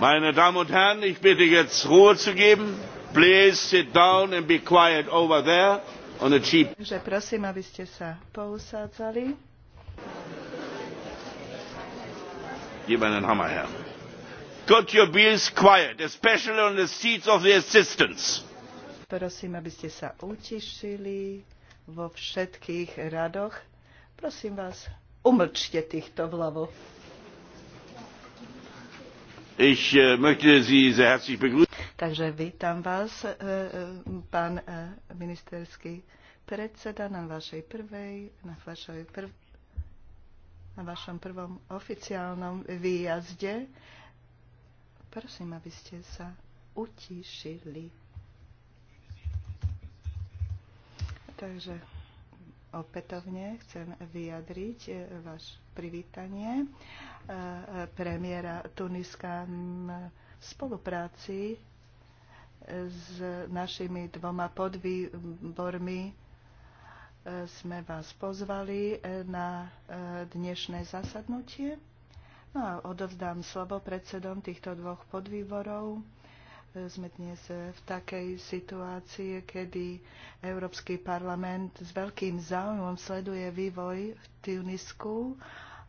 Meine Damen und Herren, ich bitte jetzt Ruhe zu geben. Please sit down and be quiet over there on the cheap. Takže prosím, aby ste sa pousádzali. Gib einen Hammer her. Could you be quiet, especially on the seats of the assistants? Prosím, aby ste sa utišili vo všetkých radoch. Prosím vás, umlčte týchto vľavo. Ich äh, möchte Sie sehr herzlich begrüßen. Takže vítam vás, e, e, pán e, ministerský predseda, na vašej prvej, na, vašej prv, na vašom prvom oficiálnom výjazde. Prosím, aby ste sa utíšili. Takže opätovne chcem vyjadriť e, vaše privítanie e, premiéra Tuniska v spolupráci e, s našimi dvoma podvýbormi sme vás pozvali na dnešné zasadnutie. No a odovzdám slovo predsedom týchto dvoch podvýborov sme dnes v takej situácii, kedy Európsky parlament s veľkým záujmom sleduje vývoj v Tunisku,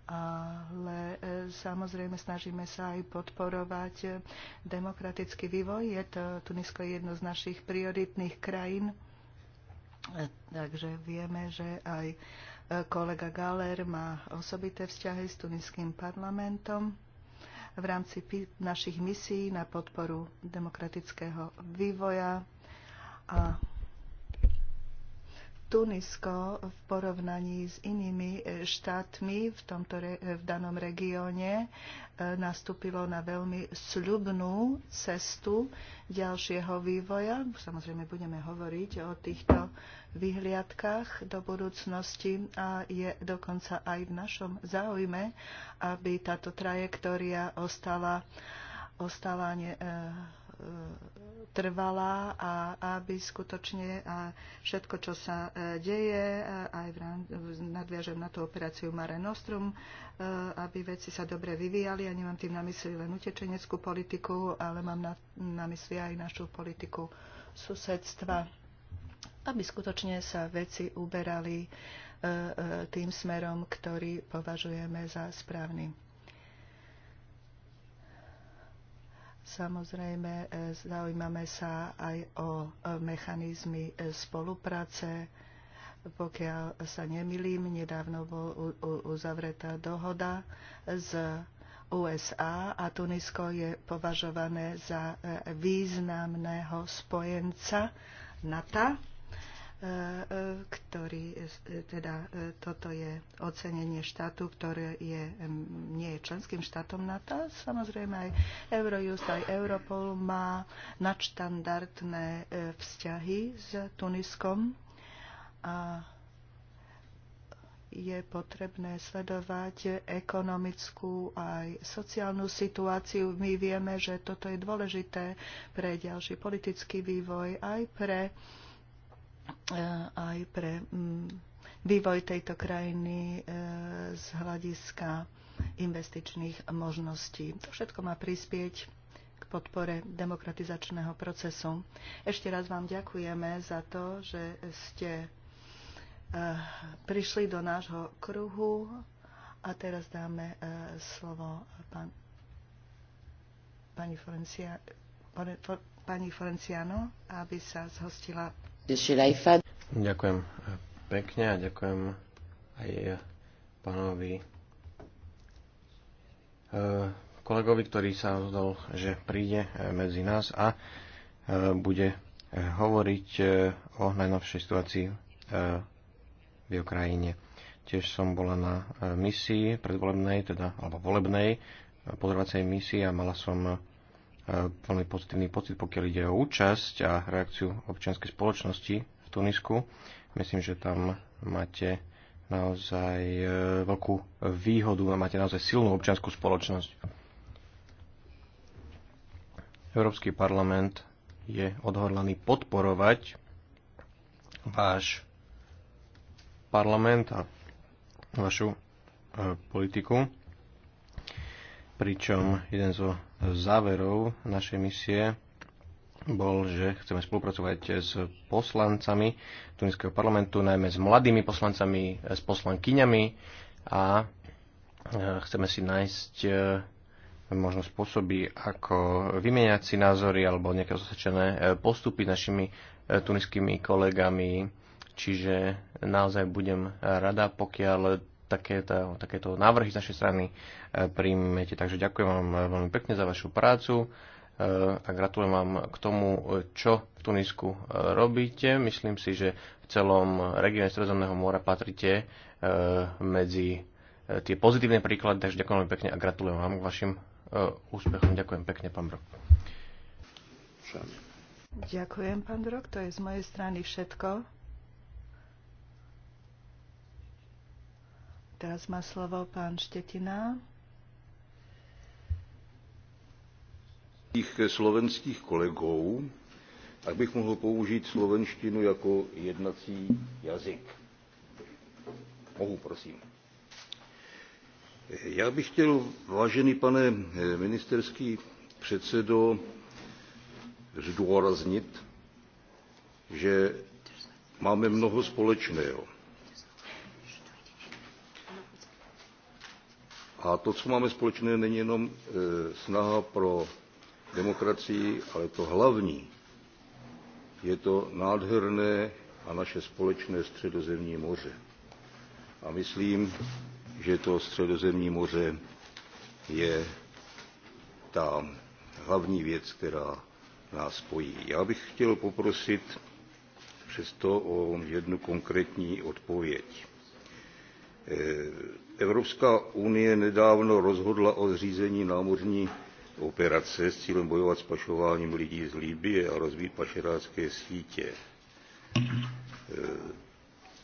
ale e, samozrejme snažíme sa aj podporovať demokratický vývoj. Je to Tunisko je jedno z našich prioritných krajín, e, takže vieme, že aj e, kolega Galer má osobité vzťahy s tuniským parlamentom v rámci našich misií na podporu demokratického vývoja a Tunisko v porovnaní s inými e, štátmi v, tomto, e, v danom regióne e, nastúpilo na veľmi sľubnú cestu ďalšieho vývoja. Samozrejme budeme hovoriť o týchto vyhliadkách do budúcnosti a je dokonca aj v našom záujme, aby táto trajektória ostala, ostala ne, e, e trvalá a aby skutočne a všetko, čo sa e, deje, aj v, nadviažem na tú operáciu Mare Nostrum, e, aby veci sa dobre vyvíjali. Ja nemám tým na mysli len utečeneckú politiku, ale mám na, na mysli aj našu politiku susedstva aby skutočne sa veci uberali e, e, tým smerom, ktorý považujeme za správny. Samozrejme, e, zaujímame sa aj o mechanizmy spolupráce. Pokiaľ sa nemilím, nedávno bol uzavretá dohoda s USA a Tunisko je považované za významného spojenca NATO ktorý teda toto je ocenenie štátu, ktoré je, nie je členským štátom NATO. Samozrejme aj Eurojust, aj Europol má nadštandardné e, vzťahy s Tuniskom a je potrebné sledovať ekonomickú aj sociálnu situáciu. My vieme, že toto je dôležité pre ďalší politický vývoj, aj pre uh, Eh, aj pre mm, vývoj tejto krajiny eh, z hľadiska investičných možností. To všetko má prispieť k podpore demokratizačného procesu. Ešte raz vám ďakujeme za to, že ste eh, prišli do nášho kruhu a teraz dáme slovo pán, pani, Florencia, pani Florenciano, aby sa zhostila Ďakujem pekne a ďakujem aj pánovi e, kolegovi, ktorý sa rozhodol, že príde e, medzi nás a e, bude hovoriť o najnovšej situácii v jeho krajine. Tiež som bola na misii predvolebnej, teda, alebo volebnej pozorovacej misii a mala som veľmi pozitívny pocit, pokiaľ ide o účasť a reakciu občianskej spoločnosti v Tunisku. Myslím, že tam máte naozaj e, veľkú výhodu a máte naozaj silnú občianskú spoločnosť. Európsky parlament je odhodlaný podporovať váš parlament a vašu e, politiku, pričom jeden zo záverov našej misie bol, že chceme spolupracovať s poslancami Tuniského parlamentu, najmä s mladými poslancami, s poslankyňami a e, chceme si nájsť e, možno spôsoby, ako vymeniať si názory alebo nejaké zasečené e, postupy s našimi tuniskými kolegami. Čiže naozaj budem rada, pokiaľ takéto, takéto návrhy z našej strany e, príjmete. Takže ďakujem vám e, veľmi pekne za vašu prácu e, a gratulujem vám k tomu, čo v Tunisku robíte. Myslím si, že v celom regióne Stredozemného mora patrite medzi tie pozitívne príklady, takže ďakujem veľmi pekne a gratulujem vám k vašim úspechom. Ďakujem pekne, pán Brok. Ďakujem, pán Brok, to je z mojej strany všetko. Teraz má slovo pán Štetina. Tých eh, slovenských kolegov, ak bych mohol použiť slovenštinu ako jednací jazyk. Mohu, prosím. Eh, já bych chtěl, vážený pane eh, ministerský předsedo, zdůraznit, že máme mnoho společného A to, co máme společné, není jenom e, snaha pro demokracii, ale to hlavní je to nádherné a naše společné středozemní moře. A myslím, že to středozemní moře je ta hlavní věc, která nás spojí. Já bych chtěl poprosit přesto o jednu konkrétní odpověď. Eh, Evropská unie nedávno rozhodla o zřízení námořní operace s cílem bojovat s pašováním lidí z libye a rozbít pašerácké sítě. Eh,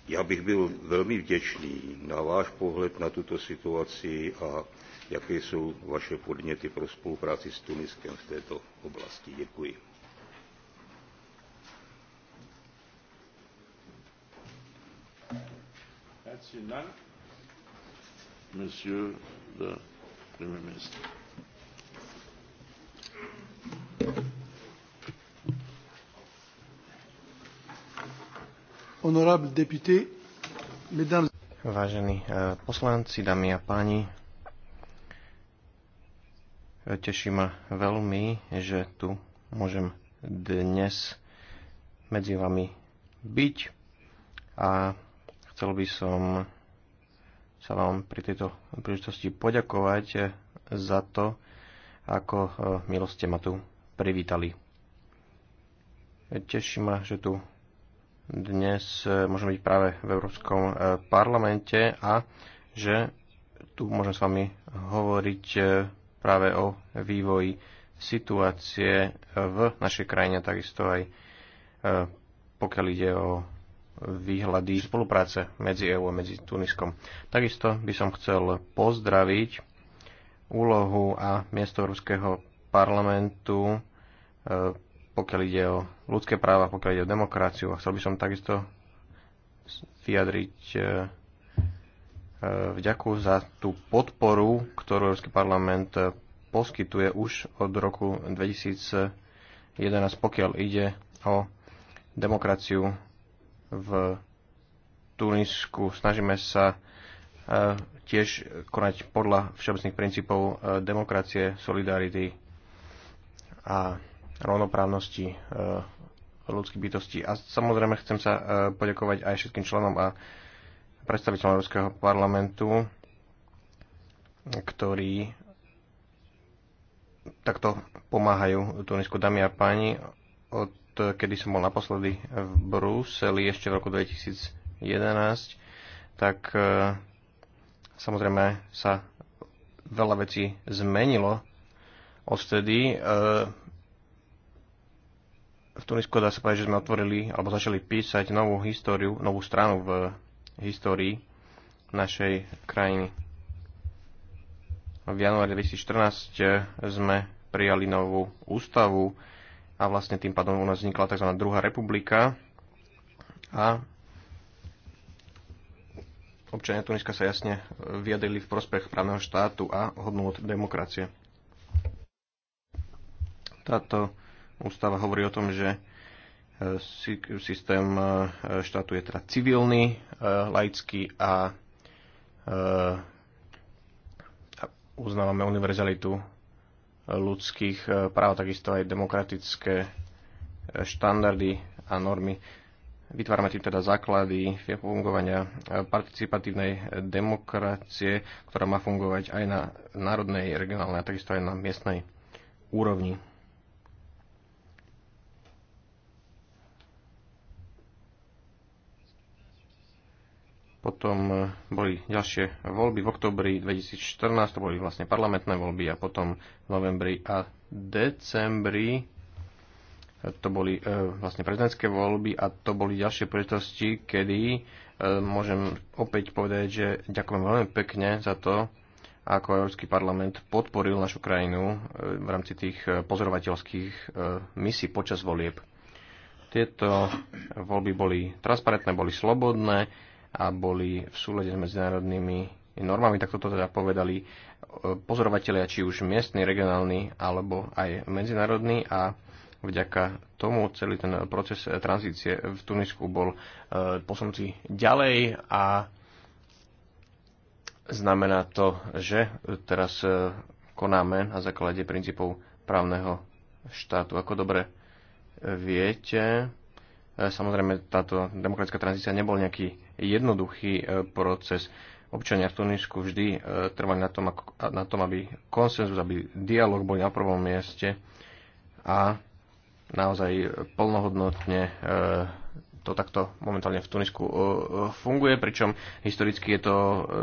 já bych byl velmi vděčný na váš pohled na tuto situaci a jaké jsou vaše podněty pro spolupráci s Tuniskem v této oblasti. Děkuji. Herzlichen Dank. Monsieur le Premier ministre. Honorable député, mesdames... Vážení eh, poslanci, dámy a páni, eh, teší ma veľmi, že tu môžem dnes medzi vami byť a chcel by som sa vám pri tejto príležitosti poďakovať eh, za to, ako eh, milo ma tu privítali. Teší ma, že tu dnes eh, môžem byť práve v Európskom parlamente a že tu môžem s vami hovoriť práve o vývoji situácie v našej krajine, takisto aj pokiaľ ide o výhľady spolupráce medzi EÚ a medzi Tuniskom. Takisto by som chcel pozdraviť úlohu a miesto Európskeho parlamentu, e, pokiaľ ide o ľudské práva, pokiaľ ide o demokraciu. A chcel by som takisto vyjadriť e, e, vďaku za tú podporu, ktorú Európsky parlament poskytuje už od roku 2011, pokiaľ ide o demokraciu v Tunisku. Snažíme sa e, tiež konať podľa všeobecných princípov e, demokracie, solidarity a rovnoprávnosti e, ľudských bytostí. A samozrejme chcem sa poďakovať aj všetkým členom a predstaviteľom Európskeho parlamentu, ktorí takto pomáhajú Tunisku. Dámy a páni, od Eh, kedy som bol naposledy v Bruseli ešte v roku 2011, tak eh, samozrejme sa veľa vecí zmenilo odvtedy. Eh, v Tunisku dá sa povedať, že sme otvorili alebo začali písať novú históriu, novú stranu v histórii našej krajiny. V januári 2014 sme prijali novú ústavu, a vlastne tým pádom u nás vznikla tzv. druhá republika a občania Tuniska sa jasne vyjadrili v prospech právneho štátu a hodnú od demokracie. Táto ústava hovorí o tom, že eh, systém eh, štátu je teda civilný, eh, laický a uznávame univerzalitu ľudských e, práv, takisto aj demokratické e, štandardy a normy. Vytvárame tým teda základy fungovania e, participatívnej demokracie, ktorá má fungovať aj na národnej, regionálnej a takisto aj na miestnej úrovni. Potom e, boli ďalšie voľby v oktobri 2014, to boli vlastne parlamentné voľby a potom v novembri a decembri e, to boli e, vlastne prezidentské voľby a to boli ďalšie príležitosti, kedy môžem opäť povedať, že ďakujem veľmi pekne za to, ako Európsky parlament podporil našu krajinu v rámci tých pozorovateľských misí počas volieb. Tieto voľby boli transparentné, boli slobodné, a boli v súlede s medzinárodnými normami, tak toto teda povedali e, pozorovatelia, či už miestny, regionálny alebo aj medzinárodný a vďaka tomu celý ten proces e, tranzície v Tunisku bol e, posunutý ďalej a znamená to, že teraz konáme na základe princípov právneho štátu. Ako dobre viete, E, samozrejme, táto demokratická tranzícia nebol nejaký jednoduchý e, proces. Občania v Tunisku vždy e, trvali na tom, na tom, aby konsenzus, aby dialog bol na prvom mieste a naozaj plnohodnotne to takto momentálne v Tunisku funguje, pričom historicky je to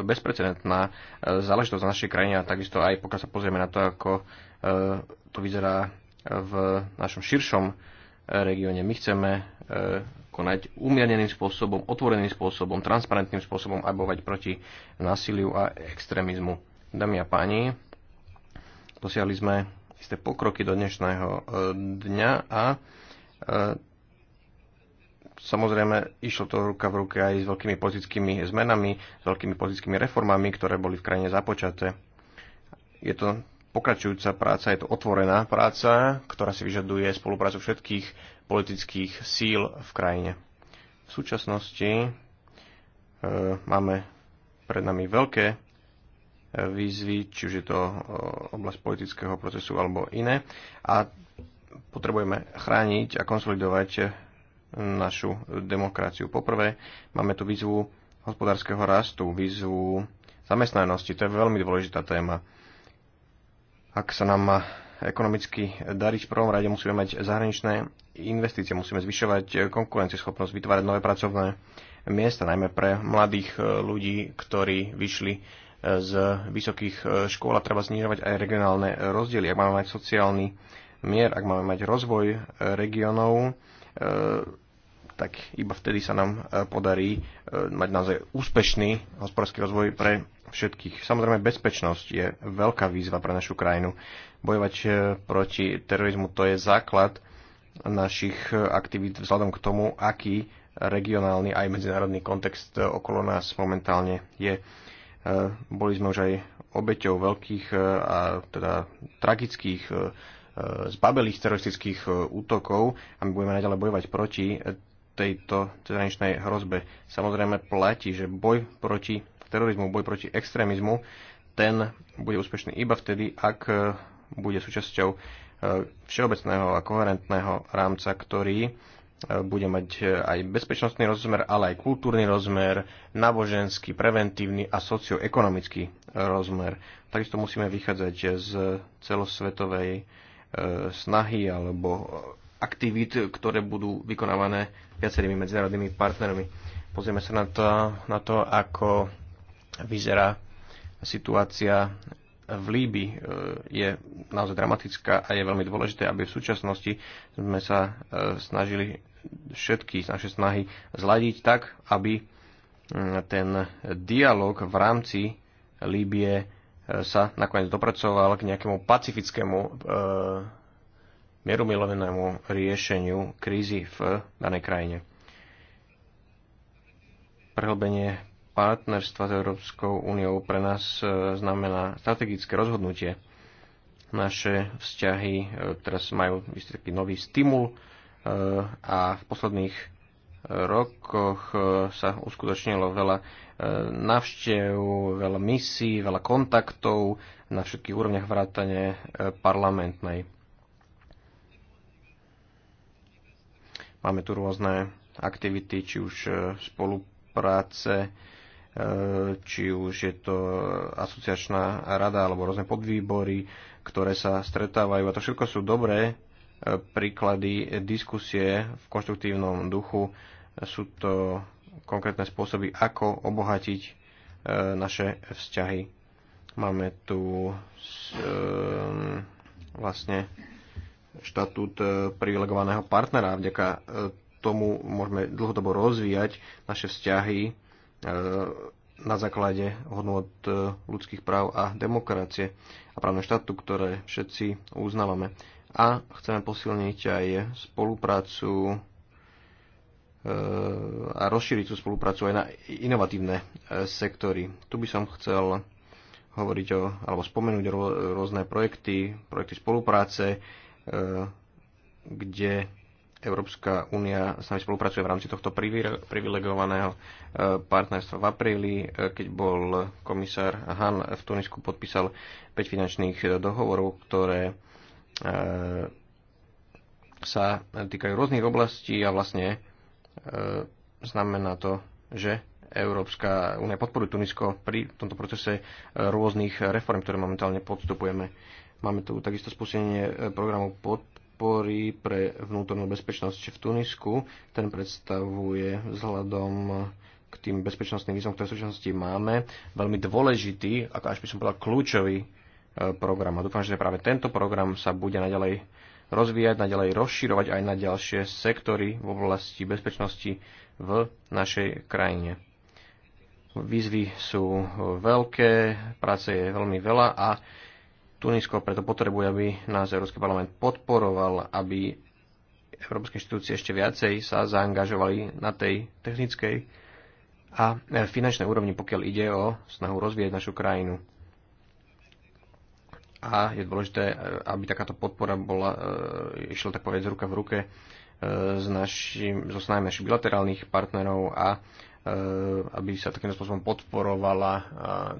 bezprecedentná záležitosť v našej krajine a takisto aj pokiaľ sa pozrieme na to, ako to vyzerá v našom širšom regióne. My chceme e, konať umierneným spôsobom, otvoreným spôsobom, transparentným spôsobom a bovať proti násiliu a extrémizmu. Dámy a páni, dosiahli sme isté pokroky do dnešného e, dňa a e, samozrejme išlo to ruka v ruke aj s veľkými politickými zmenami, s veľkými politickými reformami, ktoré boli v krajine započaté. Je to pokračujúca práca, je to otvorená práca, ktorá si vyžaduje spoluprácu všetkých politických síl v krajine. V súčasnosti e, máme pred nami veľké e, výzvy, či už je to e, oblasť politického procesu alebo iné. A potrebujeme chrániť a konsolidovať našu demokraciu. Poprvé, máme tu výzvu hospodárskeho rastu, výzvu zamestnanosti. To je veľmi dôležitá téma ak sa nám má ekonomicky dariť, v prvom rade musíme mať zahraničné investície, musíme zvyšovať konkurencieschopnosť, vytvárať nové pracovné miesta, najmä pre mladých e, ľudí, ktorí vyšli e, z vysokých e, škôl a treba znižovať aj regionálne rozdiely. Ak máme mať sociálny mier, ak máme mať rozvoj regionov, tak iba vtedy sa nám podarí mať naozaj úspešný hospodársky rozvoj pre všetkých. Samozrejme, bezpečnosť je veľká výzva pre našu krajinu. Bojovať e, proti terorizmu to je základ našich e, aktivít vzhľadom k tomu, aký regionálny aj medzinárodný kontext e, okolo nás momentálne je. Boli sme už aj obeťou veľkých a teda tragických zbabelých teroristických útokov a my budeme naďalej bojovať proti tejto cezhraničnej hrozbe. Samozrejme platí, že boj proti terorizmu, boj proti extrémizmu, ten bude úspešný iba vtedy, ak e, bude súčasťou e, všeobecného a koherentného rámca, ktorý e, bude mať aj bezpečnostný rozmer, ale aj kultúrny rozmer, náboženský, preventívny a socioekonomický rozmer. Takisto musíme vychádzať z celosvetovej snahy alebo aktivít, ktoré budú vykonávané viacerými medzinárodnými partnermi. Pozrieme sa na to, na to ako vyzerá situácia v Líbi e, je naozaj dramatická a je veľmi dôležité, aby v súčasnosti sme sa e, snažili všetky naše snahy zladiť tak, aby e, ten dialog v rámci Líbie sa nakoniec dopracoval k nejakému pacifickému mierumilovenému riešeniu krízy v danej krajine. Prehlbenie partnerstva s Európskou úniou pre nás e, znamená strategické rozhodnutie. Naše vzťahy e, teraz majú istý taký nový stimul e, a v posledných rokoch sa uskutočnilo veľa navštev, veľa misí, veľa kontaktov na všetkých úrovniach vrátane parlamentnej. Máme tu rôzne aktivity, či už spolupráce, E, či už je to asociačná rada alebo rôzne podvýbory, ktoré sa stretávajú. A to všetko sú dobré e, príklady diskusie v konštruktívnom duchu. Sú to konkrétne spôsoby, ako obohatiť e, naše vzťahy. Máme tu vlastne štatút privilegovaného partnera. Vďaka tomu môžeme dlhodobo rozvíjať naše vzťahy E, na základe hodnot e, ľudských práv a demokracie a právneho štátu, ktoré všetci uznávame. A chceme posilniť aj spoluprácu e, a rozšíriť tú spoluprácu aj na inovatívne sektory. Tu by som chcel hovoriť o, alebo spomenúť rôzne projekty, projekty spolupráce, kde Európska únia s nami spolupracuje v rámci tohto privilegovaného e, partnerstva. V apríli, e, keď bol komisár Han v Tunisku, podpísal 5 finančných e, dohovorov, ktoré sa týkajú rôznych oblastí a vlastne znamená to, že Európska únia podporuje Tunisko pri tomto procese rôznych reform, ktoré momentálne podstupujeme. Máme tu takisto spustenie programu pod podpory pre vnútornú bezpečnosť v Tunisku. Ten predstavuje vzhľadom k tým bezpečnostným výzvom, ktoré v súčasnosti máme, veľmi dôležitý, ako až by som povedal kľúčový e, program. A dúfam, že práve tento program sa bude naďalej rozvíjať, naďalej rozširovať aj na ďalšie sektory v oblasti bezpečnosti v našej krajine. Výzvy sú veľké, práce je veľmi veľa a Tunisko preto potrebuje, aby nás Európsky parlament podporoval, aby európske inštitúcie ešte viacej sa zaangažovali na tej technickej a e, finančnej úrovni, pokiaľ ide o snahu rozvíjať našu krajinu. A je dôležité, e, aby takáto podpora bola, e, išla tak povedať ruka v ruke s našim, so snahami našich bilaterálnych partnerov a aby sa takým spôsobom podporovala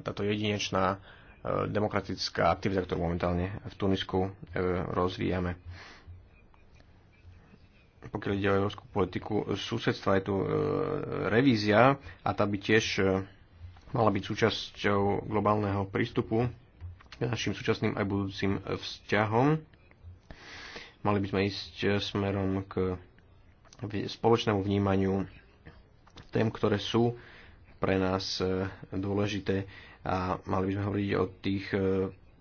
táto jedinečná demokratická aktivita, ktorú momentálne v Tunisku e, rozvíjame. Pokiaľ ide o európsku politiku susedstva, je tu e, revízia a tá by tiež e, mala byť súčasťou globálneho prístupu k našim súčasným aj budúcim vzťahom. Mali by sme ísť smerom k spoločnému vnímaniu tém, ktoré sú pre nás dôležité a mali by sme hovoriť o tých e,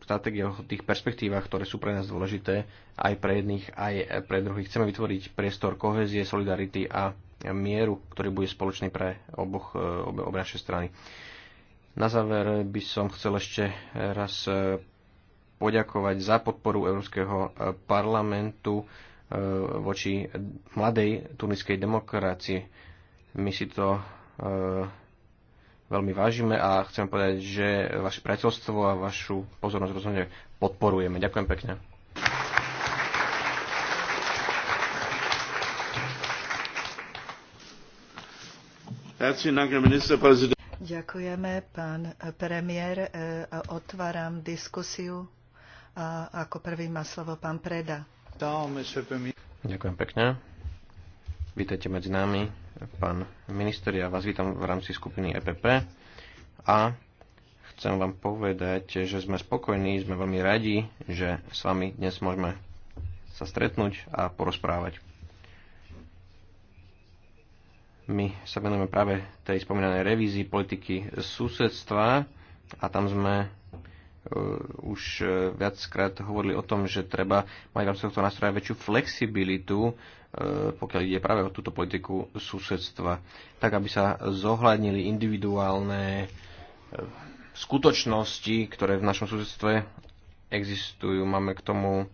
stratégiách, o tých perspektívach, ktoré sú pre nás dôležité, aj pre jedných, aj pre druhých. Chceme vytvoriť priestor kohezie, solidarity a mieru, ktorý bude spoločný pre oboch, e, obe, obe naše strany. Na záver by som chcel ešte raz e, poďakovať za podporu Európskeho parlamentu voči mladej tuniskej demokracii. My si to veľmi vážime a chcem povedať, že vaše priateľstvo a vašu pozornosť rozhodne podporujeme. Ďakujem pekne. Ďakujeme, pán premiér. E, otváram diskusiu. A ako prvý má slovo pán Preda. Ďakujem pekne. Vítejte medzi nami pán minister, ja vás vítam v rámci skupiny EPP a chcem vám povedať, že sme spokojní, sme veľmi radi, že s vami dnes môžeme sa stretnúť a porozprávať. My sa venujeme práve tej spomínanej revízii politiky susedstva a tam sme Eh, už eh, viackrát hovorili o tom, že treba mať v rámci tohto nástroja väčšiu flexibilitu, eh, pokiaľ ide práve o túto politiku susedstva, tak aby sa zohľadnili individuálne skutočnosti, ktoré v našom susedstve existujú. Máme k tomu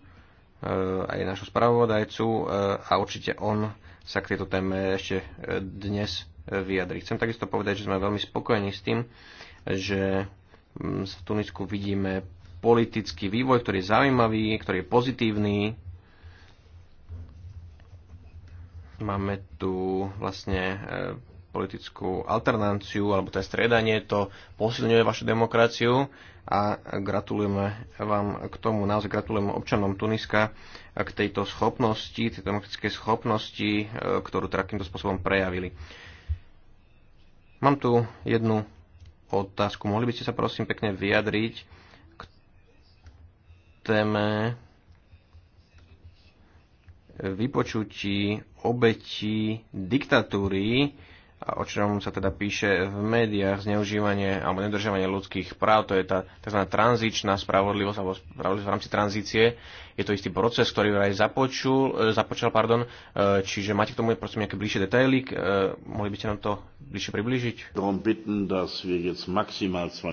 aj našu spravodajcu a určite on sa k tejto téme ešte dnes vyjadri. Chcem takisto povedať, že sme veľmi spokojení s tým, že Mm, v Tunisku vidíme politický vývoj, ktorý je zaujímavý, ktorý je pozitívny. Máme tu vlastne e, politickú alternanciu, alebo to je striedanie, to posilňuje vašu demokraciu a gratulujeme vám k tomu, naozaj gratulujeme občanom Tuniska k tejto schopnosti, tej demokratickej schopnosti, e, ktorú teda takýmto spôsobom prejavili. Mám tu jednu otázku. Mohli by ste sa prosím pekne vyjadriť k téme vypočutí obetí diktatúry, o čom sa teda píše v médiách, zneužívanie alebo nedržiavanie ľudských práv, to je tá tzv. tranzičná spravodlivosť alebo spravodlivosť v rámci tranzície. Je to istý proces, ktorý aj započul, e, započal, pardon, e, čiže máte k tomu prosím nejaké bližšie detaily, e, mohli by ste nám to bližšie priblížiť?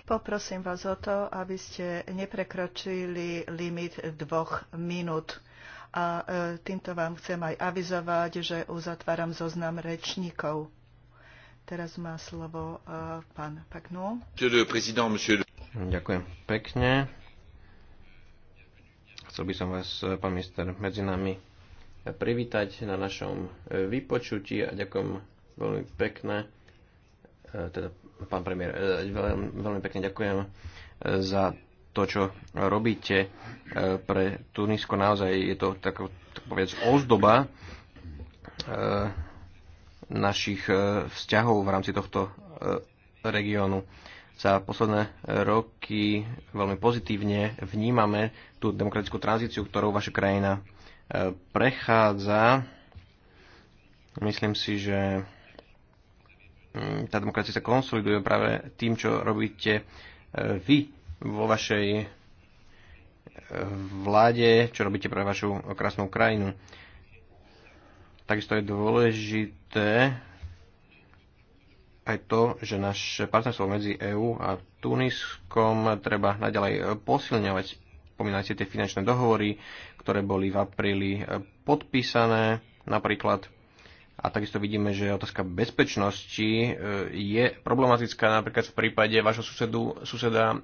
Poprosím vás o to, aby ste neprekročili limit dvoch minút a týmto vám chcem aj avizovať, že uzatváram zoznam rečníkov. Teraz má slovo uh, pán Paknú. Ďakujem pekne. Chcel by som vás, e, pán minister, medzi nami privítať na našom e, vypočutí a ďakujem veľmi pekne, teda pán premiér, veľmi, veľmi pekne ďakujem za to, čo robíte pre Tunisko. Naozaj je to tak, tak povedz ozdoba našich e, vzťahov v rámci tohto e, regiónu. Za posledné roky veľmi pozitívne vnímame tú demokratickú tranzíciu, ktorou vaša krajina e, prechádza. Myslím si, že mm, tá demokracia sa konsoliduje práve tým, čo robíte vy vo vašej vláde, čo robíte pre vašu krásnu krajinu. Takisto je dôležité dôležité aj to, že naše partnerstvo medzi EÚ a Tuniskom treba naďalej posilňovať. Spomínajte tie finančné dohovory, ktoré boli v apríli podpísané napríklad. A takisto vidíme, že otázka bezpečnosti e, je problematická napríklad v prípade vášho susedu, suseda e,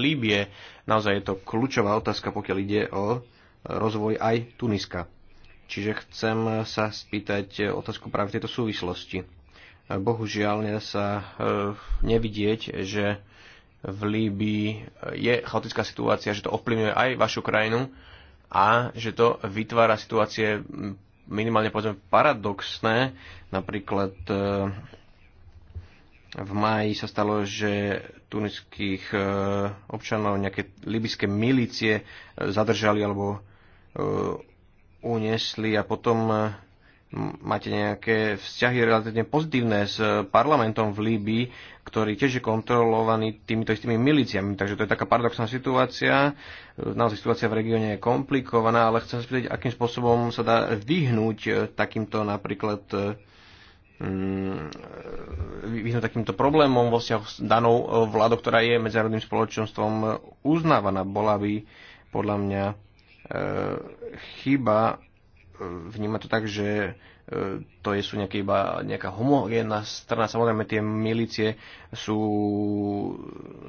Líbie. Naozaj je to kľúčová otázka, pokiaľ ide o rozvoj aj Tuniska. Čiže chcem sa spýtať otázku práve tejto súvislosti. Bohužiaľ, nedá sa e, nevidieť, že v Líbii je chaotická situácia, že to ovplyvňuje aj vašu krajinu a že to vytvára situácie minimálne povedzme paradoxné. Napríklad e, v máji sa stalo, že tuniských e, občanov nejaké libyské milície zadržali alebo uniesli a potom e, máte nejaké vzťahy relatívne pozitívne s e, parlamentom v Líbii, ktorý tiež je kontrolovaný týmito istými miliciami. Takže to je taká paradoxná situácia. E, naozaj situácia v regióne je komplikovaná, ale chcem sa spýtať, akým spôsobom sa dá vyhnúť takýmto napríklad vyhnúť takýmto problémom vo vzťahu s danou vládou, ktorá je medzinárodným spoločenstvom uznávaná. Bola by podľa mňa Eh, chyba eh, vníma to tak, že eh, to je, sú nejaké iba nejaká homogénna strana. Samozrejme, tie milície sú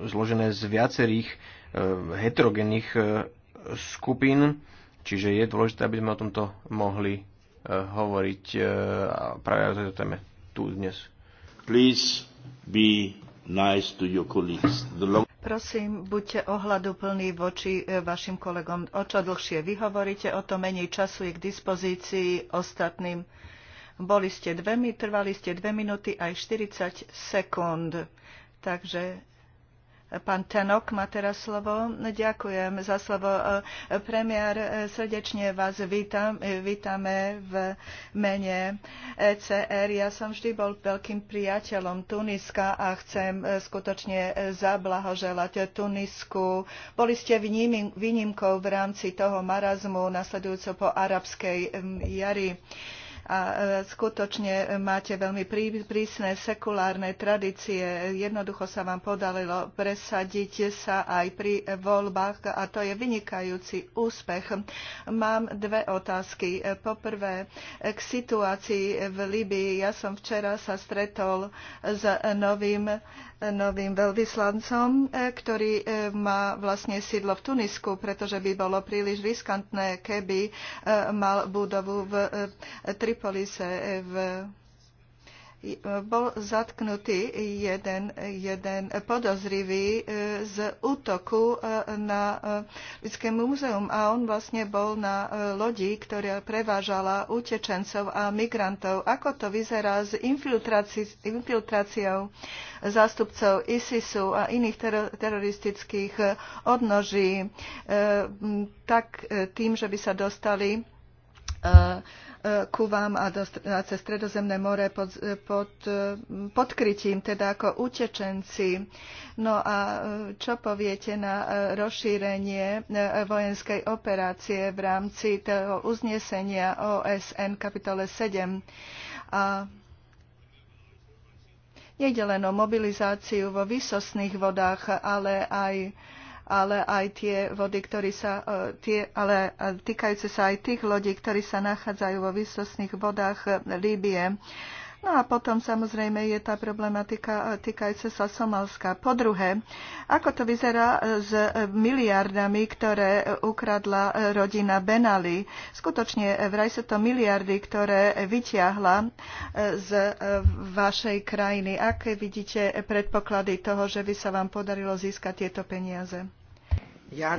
zložené z viacerých heterogénnych skupín, čiže je dôležité, aby sme o tomto mohli hovoriť A práve o tejto téme tu dnes. Please be nice to your colleagues. The long... Prosím, buďte ohľaduplní voči e, vašim kolegom. O čo dlhšie vy hovoríte, o to menej času je k dispozícii ostatným. Boli ste dve, trvali ste 2 minúty aj 40 sekúnd. Takže Pán Tenok má teraz slovo. Ďakujem za slovo. Premiér, srdečne vás vítam, vítame v mene ECR. Ja som vždy bol veľkým priateľom Tuniska a chcem skutočne zablahoželať Tunisku. Boli ste výnimkou v rámci toho marazmu nasledujúco po arabskej jari a e, skutočne máte veľmi prísne sekulárne tradície. Jednoducho sa vám podarilo presadiť sa aj pri voľbách a to je vynikajúci úspech. Mám dve otázky. Poprvé, k situácii v Libii. Ja som včera sa stretol s novým novým veľvyslancom, e, ktorý e, má vlastne sídlo v Tunisku, pretože by bolo príliš riskantné, keby e, mal budovu v Tripolise v bol zatknutý jeden, jeden podozrivý e, z útoku e, na e, Lidské múzeum a on vlastne bol na lodi, ktorá prevážala utečencov a migrantov. Ako to vyzerá s infiltráciou zástupcov ISISu a iných teroristických odnoží, tak tým, že by sa dostali ku vám a, do, a cez Stredozemné more pod, pod, pod krytím, teda ako utečenci. No a e, čo poviete na e, rozšírenie e, vojenskej operácie v rámci toho uznesenia OSN kapitole 7? A Nejde len o mobilizáciu vo vysosných vodách, ale aj ale aj tie vody, ktoré sa, e, tie, ale e, týkajúce sa aj tých lodí, ktorí sa nachádzajú vo výsostných vodách e, Líbie. No a potom samozrejme je tá problematika eh, týkajúca sa Somalska. Po druhé, ako to vyzerá eh, s eh, miliardami, ktoré ukradla rodina Benali? Skutočne vraj sú to miliardy, ktoré vyťahla z vašej krajiny. Aké vidíte predpoklady toho, že by sa vám podarilo získať tieto peniaze? Ja,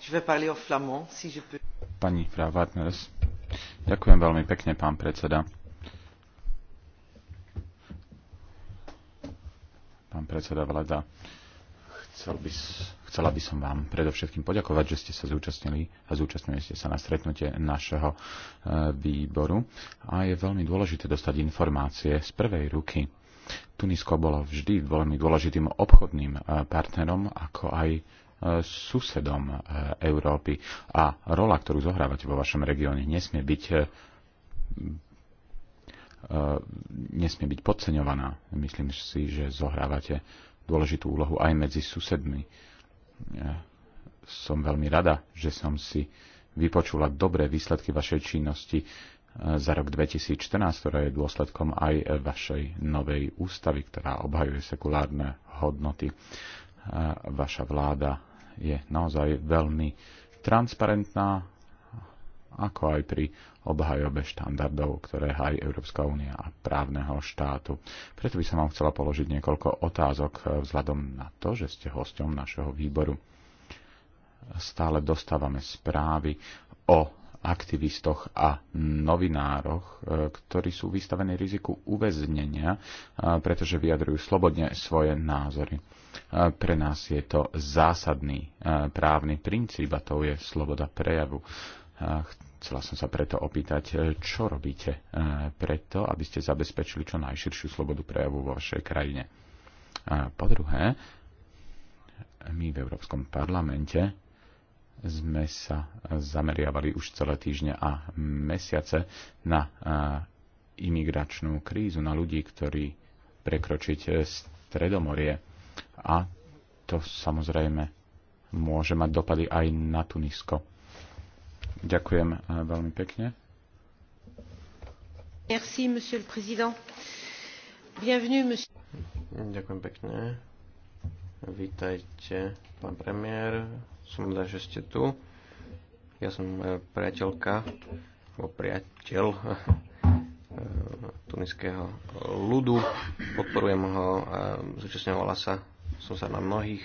Je vais parler au flamand, si je peux. Pani ďakujem veľmi pekne, pán predseda. pán predseda vláda. Chcel by, chcela by som vám predovšetkým poďakovať, že ste sa zúčastnili a zúčastnili ste sa na stretnutie našeho e, výboru. A je veľmi dôležité dostať informácie z prvej ruky. Tunisko bolo vždy veľmi dôležitým obchodným e, partnerom, ako aj e, susedom Európy a rola, ktorú zohrávate vo vašom regióne, nesmie byť E, nesmie byť podceňovaná. Myslím si, že zohrávate dôležitú úlohu aj medzi susedmi. E, som veľmi rada, že som si vypočula dobré výsledky vašej činnosti e, za rok 2014, ktorá je dôsledkom aj vašej novej ústavy, ktorá obhajuje sekulárne hodnoty. Vaša vláda je naozaj veľmi transparentná, ako aj pri obhajobe štandardov, ktoré hájí Európska únia a právneho štátu. Preto by som vám chcela položiť niekoľko otázok vzhľadom na to, že ste hosťom našeho výboru. Stále dostávame správy o aktivistoch a novinároch, e, ktorí sú vystavení riziku uväznenia, e, pretože vyjadrujú slobodne svoje názory. E, pre nás je to zásadný právny princíp a to je sloboda prejavu. Chcela som sa preto opýtať, e, čo robíte e, preto, aby ste zabezpečili čo najširšiu slobodu prejavu vo vašej krajine. Po druhé, my v Európskom parlamente sme sa zameriavali už celé týždne a mesiace na e, imigračnú krízu, na ľudí, ktorí prekročiť Stredomorie. A to samozrejme môže mať dopady aj na Tunisko Ďakujem eh, veľmi pekne. Merci, monsieur le président. Bienvenue, monsieur... Ďakujem pekne. Vítajte, pán premiér. Som rád, že ste tu. Ja som eh, priateľka, alebo priateľ eh, tuniského ľudu. Podporujem ho a zúčastňovala sa, som sa na mnohých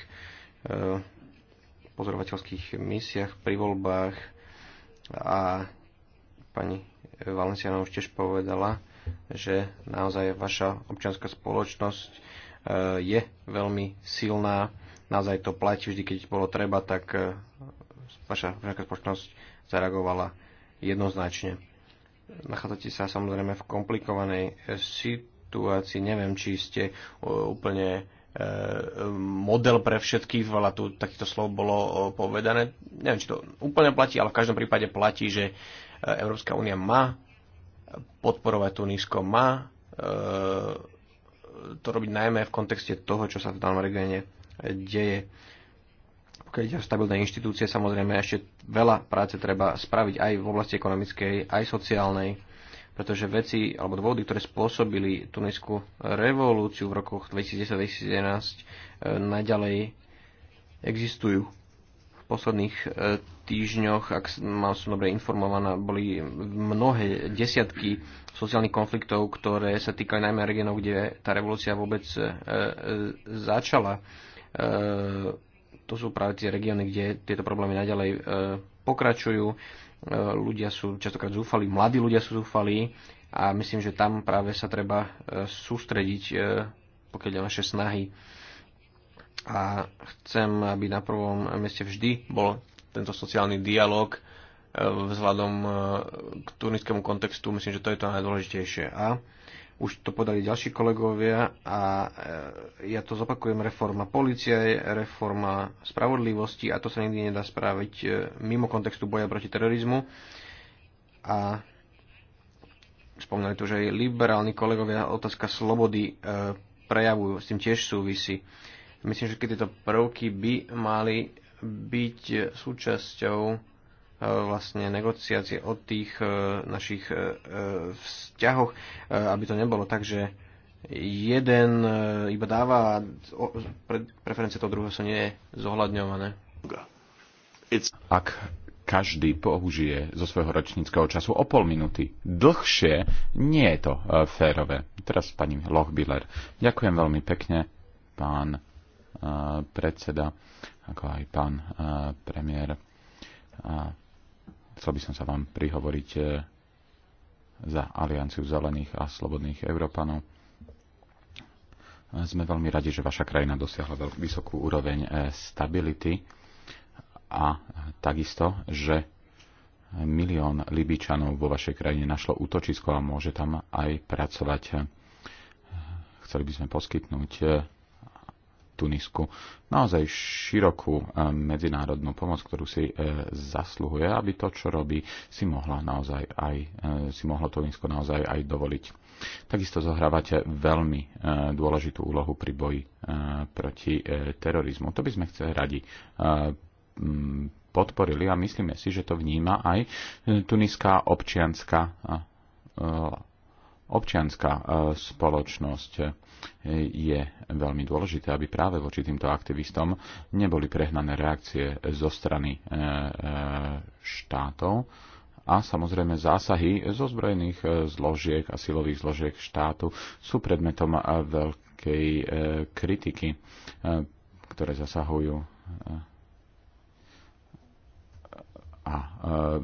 pozorovateľských misiach pri voľbách a pani Valenciana už tiež povedala, že naozaj vaša občianská spoločnosť e, je veľmi silná, naozaj to platí vždy, keď bolo treba, tak e, vaša občianská spoločnosť zareagovala jednoznačne. Nachádzate sa samozrejme v komplikovanej e, situácii, neviem, či ste úplne E, model pre všetkých, veľa tu takýchto slov bolo e, povedané. Neviem, či to úplne platí, ale v každom prípade platí, že e, Európska únia má podporovať Tunisko, má to robiť najmä v kontexte toho, čo sa v danom regióne deje. Pokiaľ ide o stabilné inštitúcie, samozrejme ešte veľa práce treba spraviť aj v oblasti ekonomickej, aj sociálnej pretože veci alebo dôvody, ktoré spôsobili Tunisku revolúciu v rokoch 2010-2011 e, naďalej existujú. V posledných e, týždňoch, ak mám som dobre informovaná, boli mnohé desiatky sociálnych konfliktov, ktoré sa týkali najmä regionov, kde tá revolúcia vôbec e, začala to sú práve tie regióny, kde tieto problémy naďalej pokračujú. Eh, ľudia sú častokrát zúfali, mladí ľudia sú zúfali a myslím, že tam práve sa treba eh, sústrediť, eh, pokiaľ je naše snahy. A chcem, aby na prvom meste vždy bol tento sociálny dialog vzhľadom k turnickému kontextu. Myslím, že to je to najdôležitejšie. A už to podali ďalší kolegovia a e, ja to zopakujem, reforma policie, reforma spravodlivosti a to sa nikdy nedá spraviť e, mimo kontextu boja proti terorizmu. A spomínali to, že aj liberálni kolegovia otázka slobody e, prejavujú, s tým tiež súvisí. Myslím, že keď tieto prvky by mali byť súčasťou E, vlastne negociácie o tých e, našich e, vzťahoch, aby to nebolo tak, že jeden iba dáva a preferencie toho druhého sú zohľadňované. Ak každý použije zo svojho ročníckého času o pol minúty dlhšie, nie je to férové. Teraz pani Lochbiller. Ďakujem veľmi pekne, pán predseda, ako aj pán premiér. Chcel by som sa vám prihovoriť e, za Alianciu zelených a slobodných Európanov. Sme veľmi radi, že vaša krajina dosiahla veľkú vysokú úroveň e, stability a takisto, že milión Libičanov vo vašej krajine našlo útočisko a môže tam aj pracovať. Chceli by sme poskytnúť e, Tunisku naozaj širokú e, medzinárodnú pomoc, ktorú si e, zasluhuje, aby to, čo robí, si mohla naozaj aj, e, si mohlo Tunisko naozaj aj dovoliť. Takisto zohrávate veľmi dôležitú úlohu pri boji proti terorizmu. To by sme chceli radi podporili a myslíme si, že to vníma aj tuniská občianská občianská spoločnosť je veľmi dôležité, aby práve voči týmto aktivistom neboli prehnané reakcie zo strany e, e, štátov a samozrejme zásahy zo zbrojených e, zložiek a silových zložiek štátu sú predmetom veľkej kritiky, ktoré zasahujú a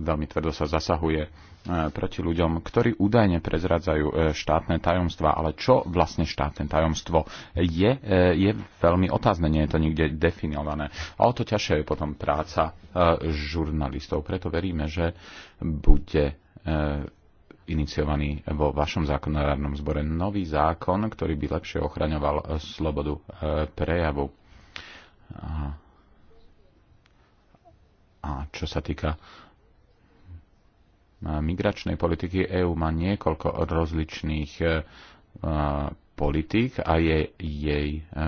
veľmi tvrdo sa zasahuje E, proti ľuďom, ktorí údajne prezradzajú e, štátne tajomstva, ale čo vlastne štátne tajomstvo je, e, je veľmi otázne, nie je to nikde definované. A o to ťažšie je potom práca žurnalistov. Preto veríme, že bude iniciovaný vo vašom zákonodárnom zbore nový zákon, ktorý by lepšie ochraňoval slobodu prejavu. A čo sa týka migračnej politiky EÚ má niekoľko rozličných e, e, politík a je jej e,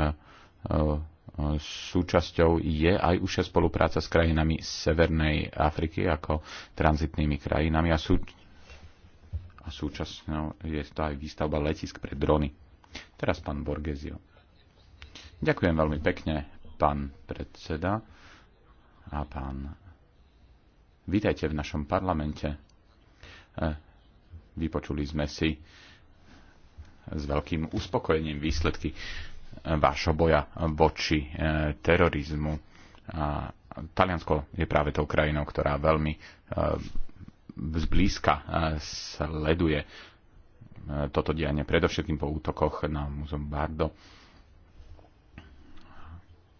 súčasťou je aj užšia spolupráca s krajinami Severnej Afriky ako tranzitnými krajinami a, sú, a súčasťou je to aj výstavba letisk pre drony. Teraz pán Borgesio. Ďakujem veľmi pekne, pán predseda a pán. Vítajte v našom parlamente. Vypočuli sme si s veľkým uspokojením výsledky vášho boja voči e, terorizmu. A Taliansko je práve tou krajinou, ktorá veľmi e, zblízka e, sleduje toto dianie, predovšetkým po útokoch na muzeum Bardo,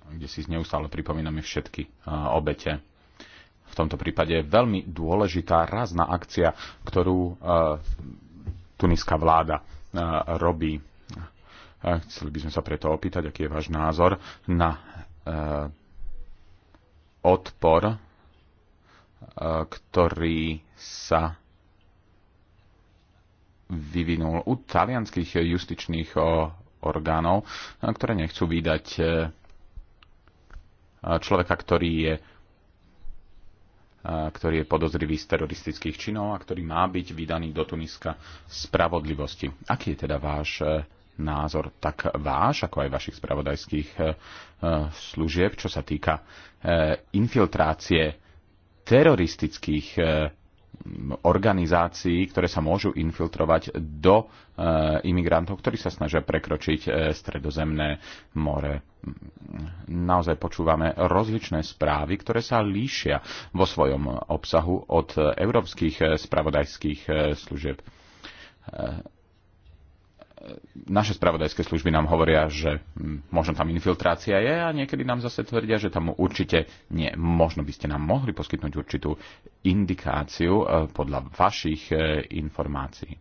kde si neustále pripomíname všetky obete v tomto prípade je veľmi dôležitá rázna akcia, ktorú e, tuniská vláda e, robí. E, chceli by sme sa preto opýtať, aký je váš názor na odpor, ktorý sa vyvinul u talianských justičných orgánov, ktoré nechcú vydať človeka, ktorý je ktorý je podozrivý z teroristických činov a ktorý má byť vydaný do Tuniska spravodlivosti. Aký je teda váš e, názor, tak váš, ako aj vašich spravodajských e, e, služieb, čo sa týka infiltrácie teroristických organizácií, ktoré sa môžu infiltrovať do eh, imigrantov, ktorí sa snažia prekročiť eh, stredozemné more. Naozaj počúvame rozličné správy, ktoré sa líšia vo svojom obsahu od eh, európskych spravodajských služieb naše spravodajské služby nám hovoria, že hm, možno tam infiltrácia je a niekedy nám zase tvrdia, že tam určite nie. Možno by ste nám mohli poskytnúť určitú indikáciu eh, podľa vašich eh, informácií.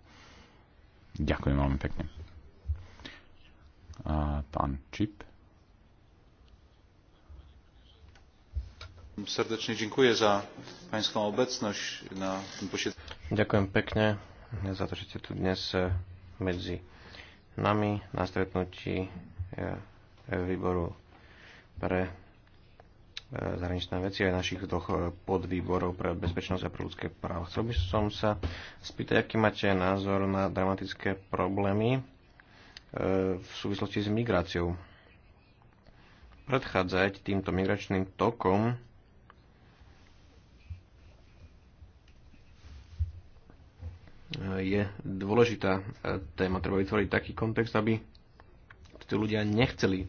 Ďakujem veľmi pekne. Pán Čip. Srdečne ďakujem za pánskú obecnosť na tom posiedzeniu. Ďakujem pekne za to, že ste tu dnes eh, medzi nami na stretnutí e, e, výboru pre e, zahraničné veci aj našich dvoch podvýborov pre bezpečnosť a pre ľudské práva. Chcel by som sa spýtať, aký máte názor na dramatické problémy v súvislosti s migráciou. Predchádzať týmto migračným tokom je dôležitá e, téma. Treba vytvoriť taký kontext, aby tí ľudia nechceli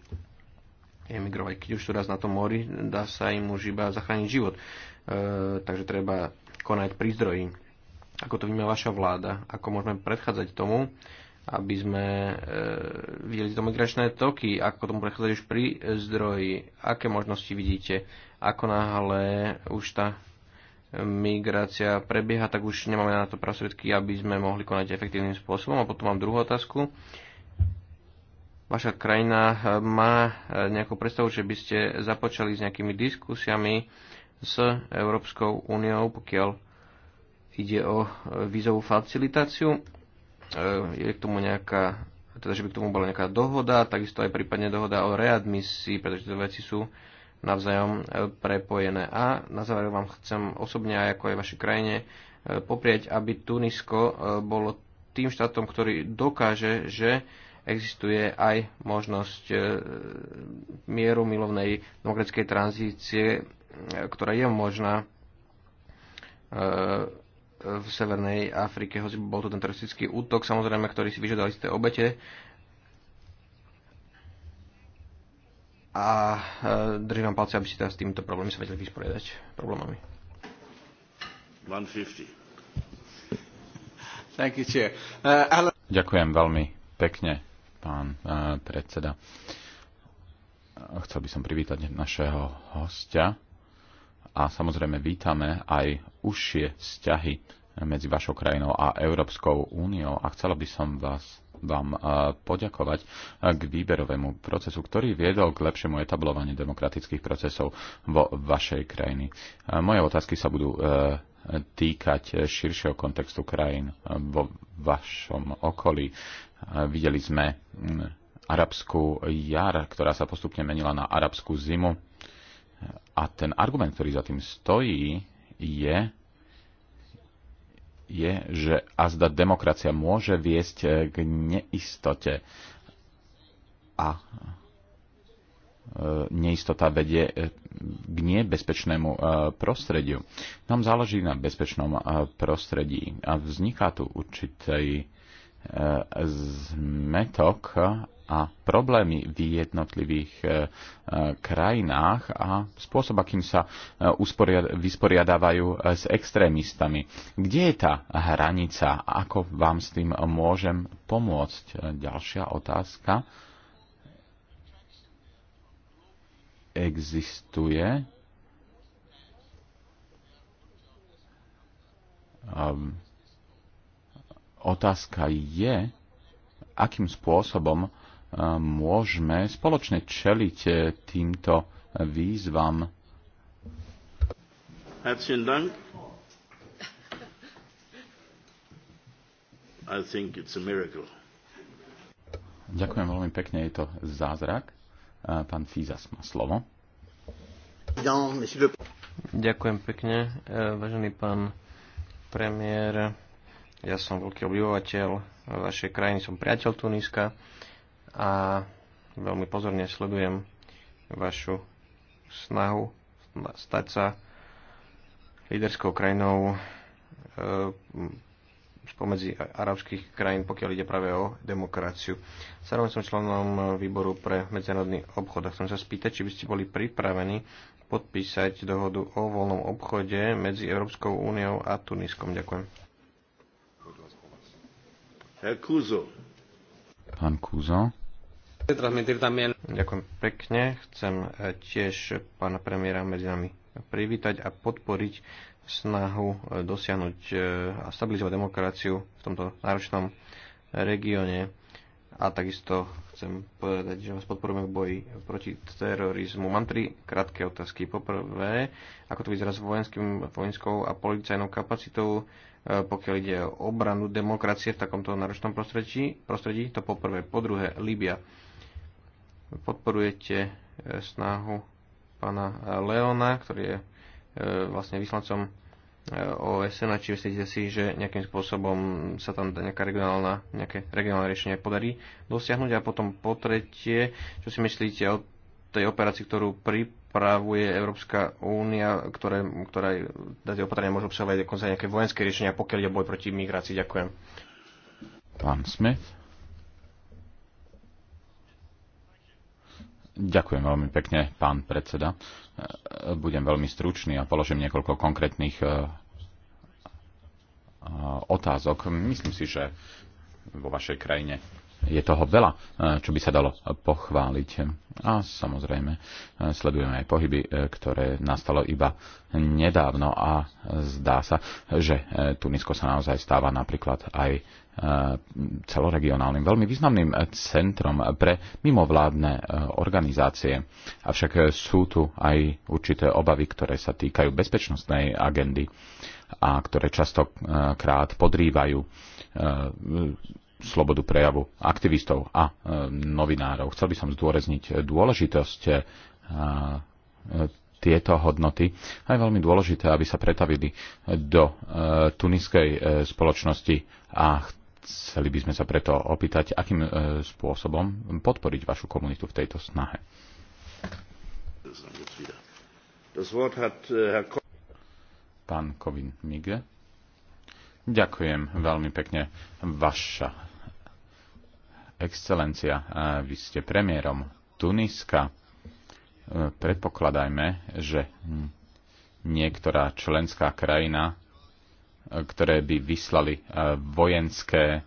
emigrovať. Keď už to raz na tom mori, dá sa im už iba zachrániť život. E, takže treba konať pri zdroji. Ako to vníma vaša vláda? Ako môžeme predchádzať tomu, aby sme e, videli to migračné toky? Ako tomu predchádzať už pri zdroji? Aké možnosti vidíte? Ako náhle už tá migrácia prebieha, tak už nemáme na to prostriedky, aby sme mohli konať efektívnym spôsobom. A potom mám druhú otázku. Vaša krajina eh, má eh, nejakú predstavu, že by ste započali s nejakými diskusiami s Európskou úniou, pokiaľ ide o eh, vízovú facilitáciu. Je k tomu nejaká, teda že by k tomu bola nejaká dohoda, takisto aj prípadne dohoda o readmisii, pretože tieto veci sú navzájom e, prepojené. A na záver vám chcem osobne aj ako aj vašej krajine e, poprieť, aby Tunisko e, bolo tým štátom, ktorý dokáže, že existuje aj možnosť mieru milovnej demokratickej tranzície, ktorá je možná v Severnej Afrike, hoci bol to ten teroristický útok, samozrejme, ktorý si vyžadal isté obete, a e, držím vám palce, aby ste s týmito problémy sa vedeli vysporiadať. Problémami. 150. You, uh, ale... Ďakujem veľmi pekne, pán uh, predseda. Chcel by som privítať našeho hostia a samozrejme vítame aj užšie vzťahy medzi vašou krajinou a Európskou úniou a chcela by som vás vám eh, poďakovať eh, k výberovému procesu, ktorý viedol k lepšiemu etablovaniu demokratických procesov vo vašej krajiny. Eh, moje otázky sa budú týkať širšieho kontextu krajín vo vašom okolí. Videli sme mm, arabskú jar, ktorá sa postupne menila na arabskú zimu. A ten argument, ktorý za tým stojí, je, je, že azda demokracia môže viesť eh, k neistote. A eh, neistota vedie eh, k nebezpečnému prostrediu. Nám záleží na bezpečnom prostredí a vzniká tu určitý zmetok a problémy v jednotlivých e, e, krajinách a spôsob, akým sa e, vysporiadávajú s extrémistami. Kde je tá hranica? Ako vám s tým môžem pomôcť? Ďalšia otázka. Existuje ehm, otázka je, akým spôsobom môžeme spoločne čeliť eh, týmto výzvam. Herzlichen Dank. I think it's a miracle. Ďakujem veľmi pekne, je to zázrak. Eh, pán Fízas má slovo. Ďakujem pekne, eh, vážený pán premiér. Ja som veľký obyvateľ vašej krajiny, som priateľ Tuniska a veľmi pozorne sledujem vašu snahu stať sa líderskou krajinou e, spomedzi arabských krajín, pokiaľ ide práve o demokraciu. Zároveň som členom výboru pre medzinárodný obchod a chcem sa spýtať, či by ste boli pripravení podpísať dohodu o voľnom obchode medzi Európskou úniou a Tuniskom. Ďakujem. Pán Kúzo. Ďakujem pekne. Chcem eh, tiež pána premiéra medzi nami privítať a podporiť snahu eh, dosiahnuť eh, a stabilizovať demokraciu v tomto náročnom regióne. A takisto chcem povedať, že vás podporujeme v boji proti terorizmu. Mám tri krátke otázky. Poprvé, ako to vyzerá s vojenským, vojenskou a policajnou kapacitou pokiaľ ide o obranu demokracie v takomto náročnom prostredí, prostredí to poprvé. Po druhé, Líbia podporujete e, snahu pána e, Leona, ktorý je e, vlastne vyslancom OSN a či myslíte si, že nejakým spôsobom sa tam nejaká regionálna, nejaké regionálne riešenie podarí dosiahnuť a potom po tretie, čo si myslíte o tej operácii, ktorú pripravuje Európska únia, ktoré, ktorá tie opatrenia môžu obsahovať dokonca nejaké vojenské riešenia, pokiaľ je boj proti migrácii. Ďakujem. Pán Smith. Ďakujem veľmi pekne, pán predseda. Budem veľmi stručný a položím niekoľko konkrétnych e, e, otázok. Myslím si, že vo vašej krajine je toho veľa, e, čo by sa dalo pochváliť. A samozrejme e, sledujeme aj pohyby, e, ktoré nastalo iba nedávno a zdá sa, že Tunisko sa naozaj stáva napríklad aj celoregionálnym, veľmi významným centrom pre mimovládne organizácie. Avšak sú tu aj určité obavy, ktoré sa týkajú bezpečnostnej agendy a ktoré častokrát podrývajú slobodu prejavu aktivistov a e, novinárov. Chcel by som zdôrazniť dôležitosť e, tieto hodnoty a je veľmi dôležité, aby sa pretavili do e, tuniskej spoločnosti a chceli by sme sa preto opýtať, akým spôsobom podporiť vašu komunitu v tejto snahe. Äh, Pán Kovin Mige. Ďakujem veľmi pekne. Vaša Excelencia, eh, vy ste premiérom Tuniska. Eh, predpokladajme, že niektorá členská krajina, eh, ktoré by vyslali vojenské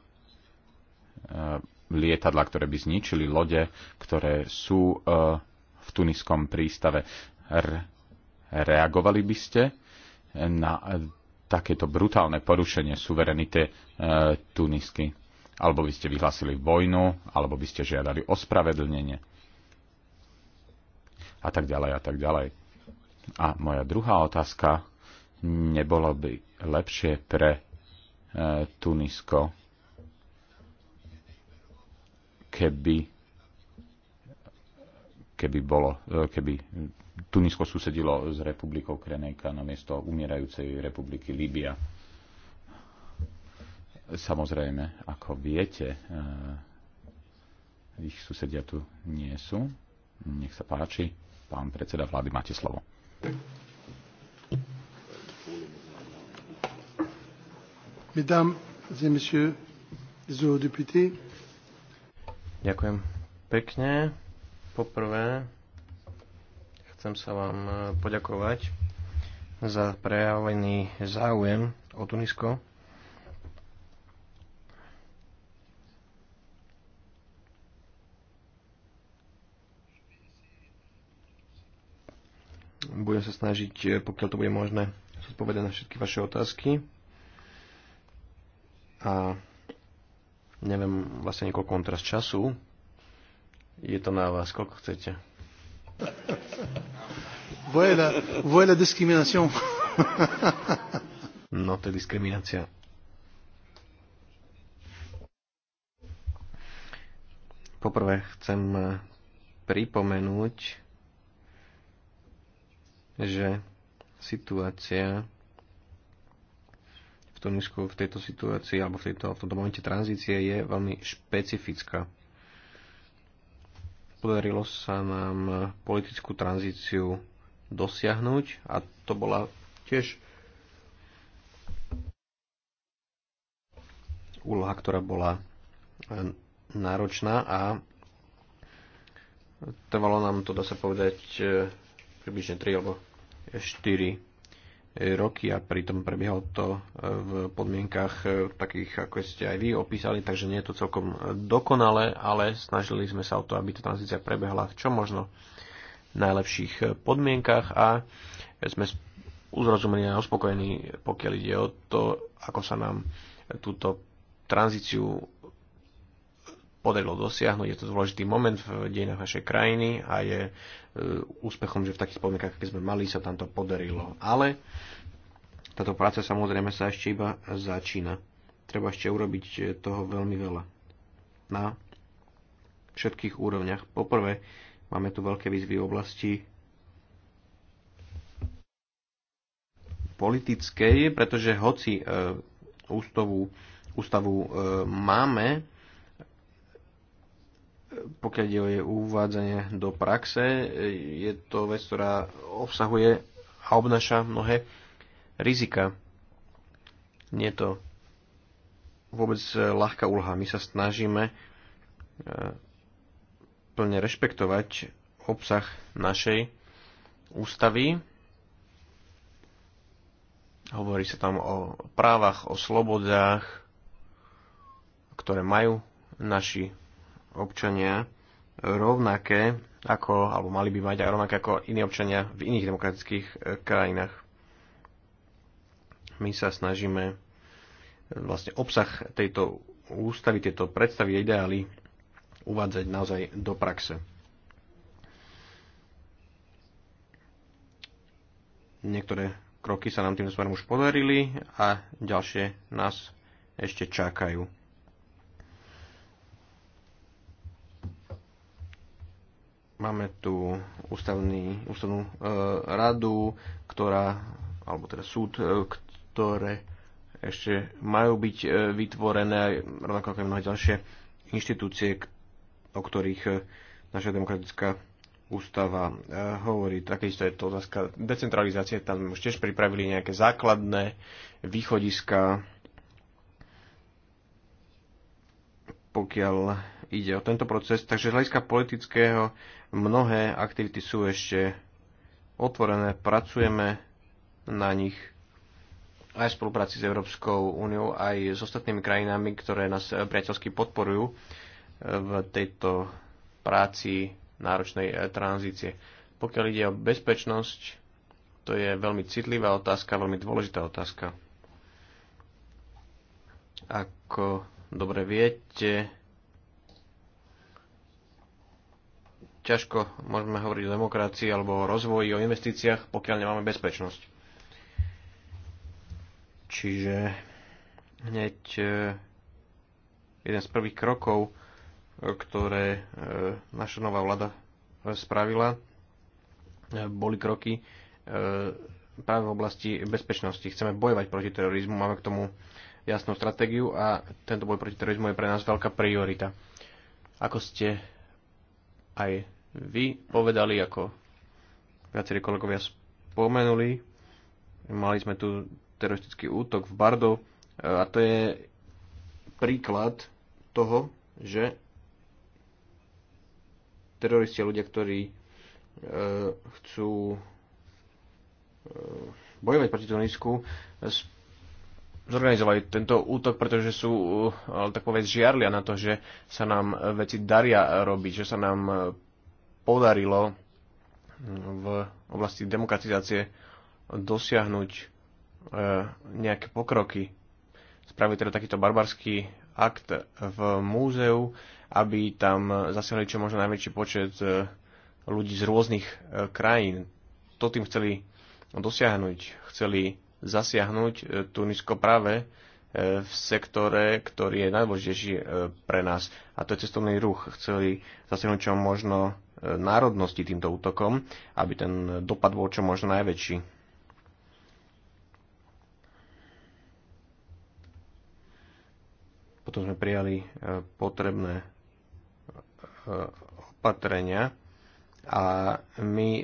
lietadla, ktoré by zničili lode, ktoré sú v tuniskom prístave. Reagovali by ste na takéto brutálne porušenie suverenity Tunisky? alebo by ste vyhlásili vojnu, alebo by ste žiadali ospravedlnenie a tak ďalej a tak ďalej. A moja druhá otázka, nebolo by lepšie pre e, Tunisko, keby keby, bolo, e, keby Tunisko susedilo s republikou Krenejka na miesto umierajúcej republiky Líbia. Samozrejme, ako viete, eh, ich susedia tu nie sú. Nech sa páči, pán predseda vlády, máte slovo. Mesdames et messieurs les Ďakujem pekne. Poprvé chcem sa vám eh, poďakovať za prejavený záujem o Tunisko budem sa snažiť, e, pokiaľ to bude možné, zodpovedať na všetky vaše otázky. A neviem vlastne niekoľko mám teraz času. Je to na vás, koľko chcete. Voilà, voilà no, to je diskriminácia. Poprvé chcem e, pripomenúť, že situácia v tom v tejto situácii alebo v, tejto, v tomto momente tranzície je veľmi špecifická. Podarilo sa nám politickú tranzíciu dosiahnuť a to bola tiež úloha, ktorá bola eh, náročná a trvalo nám to, dá sa povedať, eh, približne 3 alebo 4 roky a pritom prebiehalo to e, v podmienkach e, takých, ako ste aj vy opísali, takže nie je to celkom e, dokonale, ale snažili sme sa o to, aby tá tranzícia prebehla v čo možno najlepších podmienkach a sme uzrozumení a uspokojení, pokiaľ ide o to, ako sa nám túto tranzíciu podarilo dosiahnuť. Je to dôležitý moment v dejinách našej krajiny a je e, úspechom, že v takých podmienkach, aké sme mali, sa tam to podarilo. Ale táto práca samozrejme sa ešte iba začína. Treba ešte urobiť toho veľmi veľa. Na všetkých úrovniach. Poprvé, máme tu veľké výzvy v oblasti politickej, pretože hoci e, ústavu, ústavu e, máme, pokiaľ ide o jej uvádzanie do praxe, je to vec, ktorá obsahuje a obnáša mnohé rizika. Nie je to vôbec ľahká úloha. My sa snažíme e, plne rešpektovať obsah našej ústavy. Hovorí sa tam o právach, o slobodách, ktoré majú naši občania rovnaké ako, alebo mali by mať aj rovnaké ako iní občania v iných demokratických e, krajinách. My sa snažíme e, vlastne obsah tejto ústavy, tieto predstavy a ideály uvádzať naozaj do praxe. Niektoré kroky sa nám tým smerom už podarili a ďalšie nás ešte čakajú. Máme tu ústavný, ústavnú e, radu, ktorá, alebo teda súd, e, ktoré ešte majú byť e, vytvorené, rovnako ako aj mnohé ďalšie inštitúcie, o ktorých e, naša demokratická ústava e, hovorí. Takisto je to otázka decentralizácie, tam už tiež pripravili nejaké základné východiska, pokiaľ ide o tento proces. Takže z hľadiska politického Mnohé aktivity sú ešte otvorené, pracujeme na nich aj v spolupráci s Európskou úniou, aj s ostatnými krajinami, ktoré nás priateľsky podporujú v tejto práci náročnej eh, tranzície. Pokiaľ ide o bezpečnosť, to je veľmi citlivá otázka, veľmi dôležitá otázka. Ako dobre viete, ťažko môžeme hovoriť o demokracii alebo o rozvoji, o investíciách, pokiaľ nemáme bezpečnosť. Čiže hneď e, jeden z prvých krokov, e, ktoré e, naša nová vláda spravila, boli kroky práve v oblasti bezpečnosti. Chceme bojovať proti terorizmu, máme k tomu jasnú stratégiu a tento boj proti terorizmu je pre nás veľká priorita. Ako ste aj vy povedali, ako viacerí kolegovia spomenuli. Mali sme tu teroristický útok v Bardo e, a to je príklad toho, že teroristi ľudia, ktorí e, chcú e, bojovať proti Tunisku, zorganizovali tento útok, pretože sú, e, tak povedz, žiarlia na to, že sa nám veci daria robiť, že sa nám e, podarilo v oblasti demokratizácie dosiahnuť e, nejaké pokroky. Spraviť teda takýto barbarský akt v múzeu, aby tam zasiahli čo možno najväčší počet e, ľudí z rôznych e, krajín. To tým chceli dosiahnuť. Chceli zasiahnuť Tunisko práve v sektore, ktorý je najdôležitejší pre nás, a to je cestovný ruch. Chceli zasiahnuť čo možno národnosti týmto útokom, aby ten dopad bol čo možno najväčší. Potom sme prijali e, potrebné e, opatrenia a my e,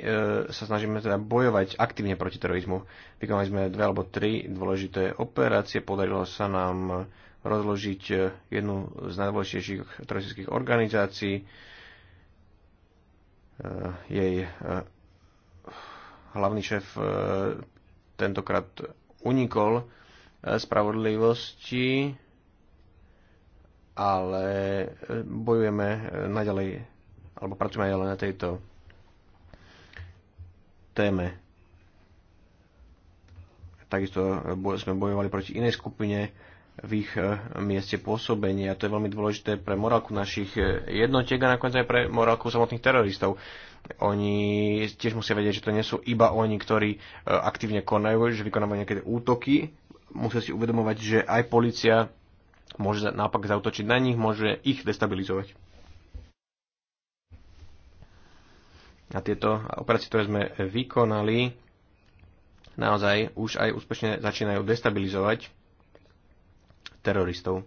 sa snažíme teda bojovať aktívne proti terorizmu. Vykonali sme dve alebo tri dôležité operácie, podarilo sa nám rozložiť jednu z najdôležitejších teroristických organizácií, Eh, jej eh, hlavný šéf eh, tentokrát unikol spravodlivosti, ale bojujeme naďalej, alebo pracujeme naďalej na tejto téme. Takisto sme bojovali proti inej skupine v ich e, mieste pôsobenia. To je veľmi dôležité pre morálku našich e, jednotiek a nakoniec aj pre morálku samotných teroristov. Oni tiež musia vedieť, že to nie sú iba oni, ktorí e, aktívne konajú, že vykonávajú nejaké útoky. Musia si uvedomovať, že aj policia môže naopak zautočiť na nich, môže ich destabilizovať. A tieto operácie, ktoré sme vykonali, naozaj už aj úspešne začínajú destabilizovať teroristov.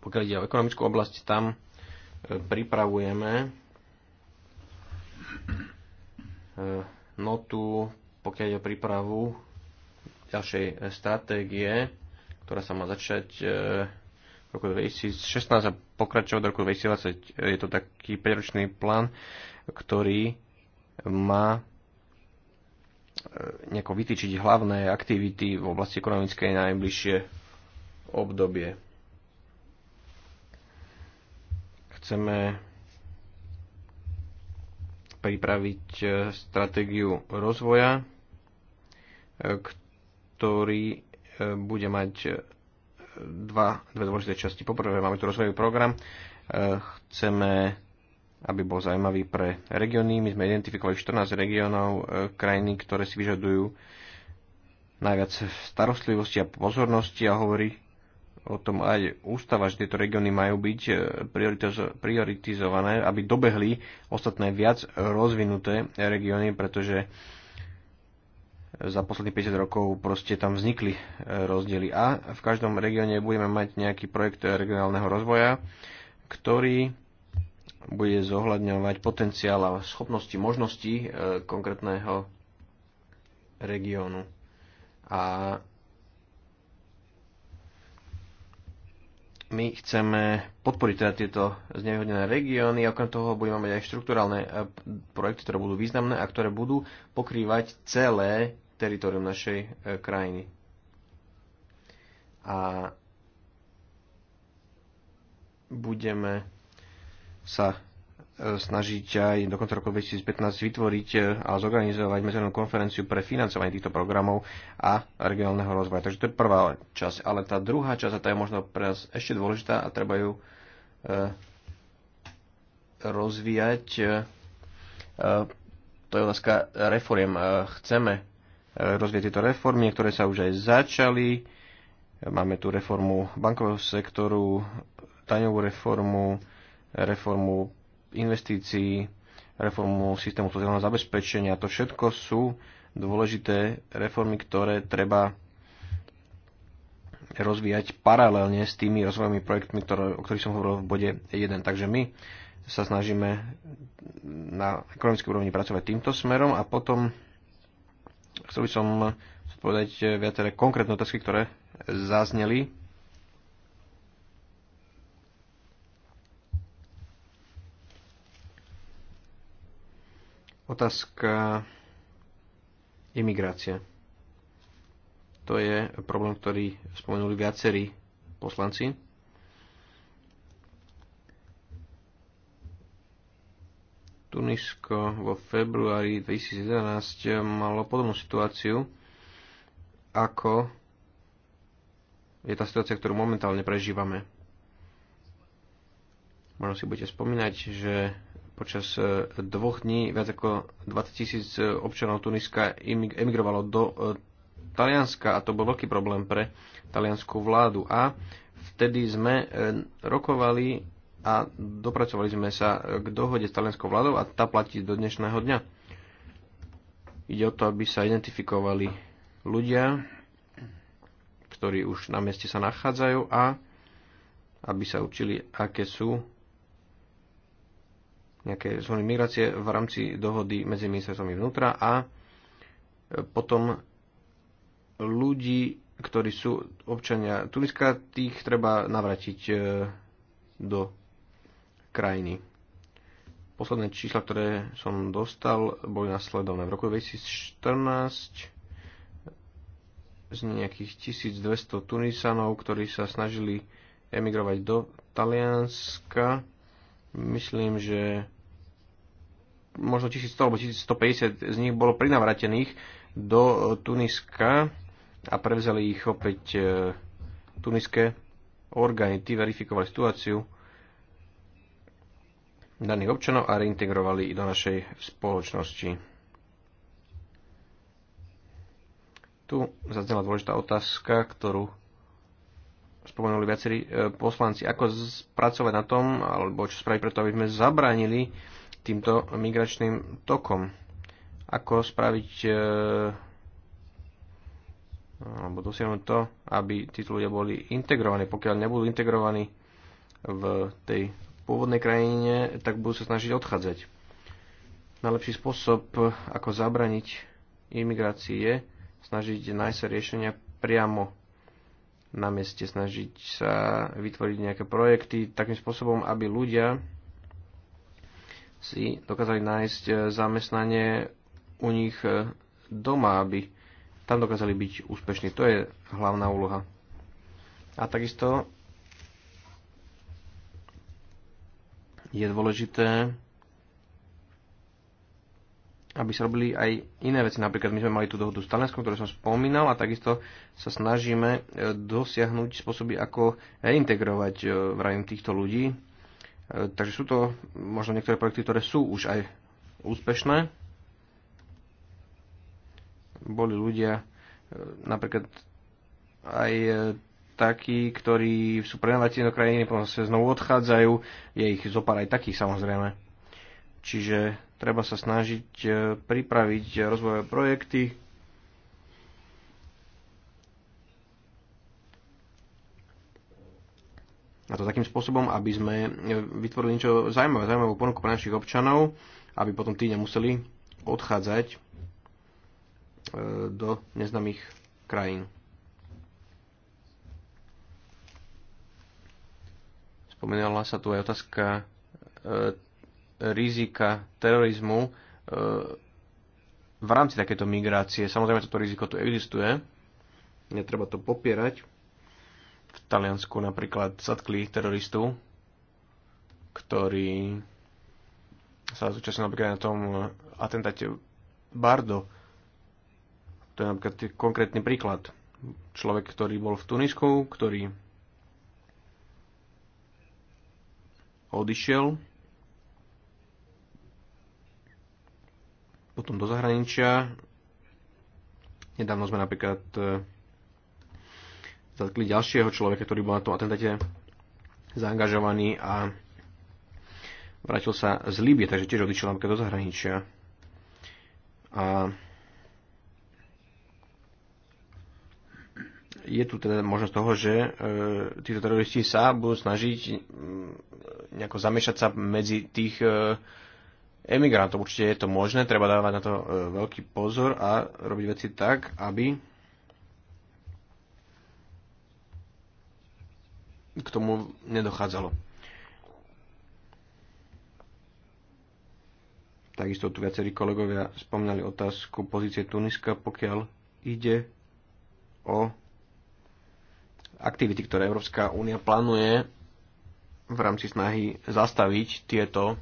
Pokiaľ ide o ekonomickú oblasť, tam e, pripravujeme e, notu, pokiaľ ide o prípravu ďalšej e, stratégie, ktorá sa má začať v roku 2016 a pokračovať do roku 2020. Je to taký 5-ročný plán, ktorý má nejako vytýčiť hlavné aktivity v oblasti ekonomickej najbližšie obdobie. Chceme pripraviť e, stratégiu rozvoja, e, ktorý e, bude mať dva, dve dôležité časti. Poprvé máme tu rozvojový program, chceme aby bol zaujímavý pre regióny. My sme identifikovali 14 regiónov e, krajiny, ktoré si vyžadujú najviac starostlivosti a pozornosti a hovorí o tom aj ústava, že tieto regióny majú byť e, prioritizované, aby dobehli ostatné viac rozvinuté regióny, pretože za posledných 50 rokov proste tam vznikli e, rozdiely. A v každom regióne budeme mať nejaký projekt regionálneho rozvoja, ktorý bude zohľadňovať potenciál a schopnosti, možnosti e, konkrétneho regiónu. A my chceme podporiť teda tieto znevýhodnené regióny a okrem toho budeme mať aj štruktúralne e, projekty, ktoré budú významné a ktoré budú pokrývať celé teritorium našej e, krajiny. A budeme sa e, snažiť aj do konca roku 2015 vytvoriť e, a zorganizovať medzinárodnú konferenciu pre financovanie týchto programov a regionálneho rozvoja. Takže to je prvá časť. Ale tá druhá časť, a tá je možno pre nás ešte dôležitá a treba ju e, rozvíjať, to je otázka reforiem. Chceme rozvíjať tieto reformy, ktoré sa už aj začali. Máme tu reformu bankového sektoru, daňovú reformu, reformu investícií, reformu systému sociálneho zabezpečenia. To všetko sú dôležité reformy, ktoré treba rozvíjať paralelne s tými rozvojovými projektmi, ktoré, o ktorých som hovoril v bode 1. Takže my sa snažíme na ekonomickej úrovni pracovať týmto smerom a potom chcel by som povedať viaceré konkrétne otázky, ktoré zazneli Otázka imigrácia. To je problém, ktorý spomenuli viacerí poslanci. Tunisko vo februári 2011 malo podobnú situáciu, ako je tá situácia, ktorú momentálne prežívame. Možno si budete spomínať, že Počas e, dvoch dní viac ako 20 tisíc e, občanov Tuniska emigrovalo do e, Talianska a to bol veľký problém pre talianskú vládu. A vtedy sme rokovali a dopracovali sme sa k dohode s talianskou vládou a tá platí do dnešného dňa. Ide o to, aby sa identifikovali ľudia, ktorí už na mieste sa nachádzajú a aby sa učili, aké sú nejaké zóny migrácie v rámci dohody medzi ministerstvami vnútra a potom ľudí, ktorí sú občania Tuniska, tých treba navrátiť e, do krajiny. Posledné čísla, ktoré som dostal, boli nasledovné. V roku 2014 z nejakých 1200 Tunisanov, ktorí sa snažili emigrovať do Talianska. Myslím, že možno 1100 alebo 1150 z nich bolo prinavratených do e, Tuniska a prevzali ich opäť e, tuniské orgány. Tí verifikovali situáciu daných občanov a reintegrovali ich do našej spoločnosti. Tu zaznela dôležitá otázka, ktorú spomenuli viacerí e, poslanci. Ako spracovať na tom, alebo čo spraviť preto, aby sme zabránili týmto migračným tokom. Ako spraviť e, alebo dosiahnuť to, aby títo ľudia boli integrovaní. Pokiaľ nebudú integrovaní v tej pôvodnej krajine, tak budú sa snažiť odchádzať. Najlepší spôsob, ako zabraniť imigrácii je snažiť nájsť sa riešenia priamo na mieste, snažiť sa vytvoriť nejaké projekty takým spôsobom, aby ľudia si dokázali nájsť e, zamestnanie u nich e, doma, aby tam dokázali byť úspešní. To je hlavná úloha. A takisto je dôležité, aby sa robili aj iné veci. Napríklad my sme mali tú dohodu s Talenskom, ktorú som spomínal, a takisto sa snažíme e, dosiahnuť spôsoby, ako reintegrovať vrajím týchto ľudí E, takže sú to možno niektoré projekty, ktoré sú už aj úspešné. Boli ľudia e, napríklad aj e, takí, ktorí sú prenavratení do krajiny, potom sa znovu odchádzajú, je ich zopár aj takých samozrejme. Čiže treba sa snažiť pripraviť rozvojové projekty, A to takým spôsobom, aby sme e, vytvorili niečo zaujímavé, zaujímavú ponuku pre našich občanov, aby potom tí nemuseli odchádzať e, do neznámych krajín. Spomenala sa tu aj otázka e, rizika terorizmu e, v rámci takéto migrácie. Samozrejme, toto riziko tu existuje, netreba to popierať v Taliansku napríklad zatkli teroristu, ktorý sa zúčastnil napríklad na tom atentáte Bardo. To je napríklad konkrétny príklad. Človek, ktorý bol v Tunisku, ktorý odišiel potom do zahraničia. Nedávno sme napríklad eh, zatkli ďalšieho človeka, ktorý bol na tom atentáte zaangažovaný a vrátil sa z Líbie, takže tiež odišiel napríklad do zahraničia. A je tu teda možnosť toho, že e, títo teroristi sa budú snažiť e, nejako zamiešať sa medzi tých e, emigrantov. Určite je to možné, treba dávať na to e, veľký pozor a robiť veci tak, aby k tomu nedochádzalo. Takisto tu viacerí kolegovia spomínali otázku pozície Tuniska, pokiaľ ide o aktivity, ktoré Európska únia plánuje v rámci snahy zastaviť tieto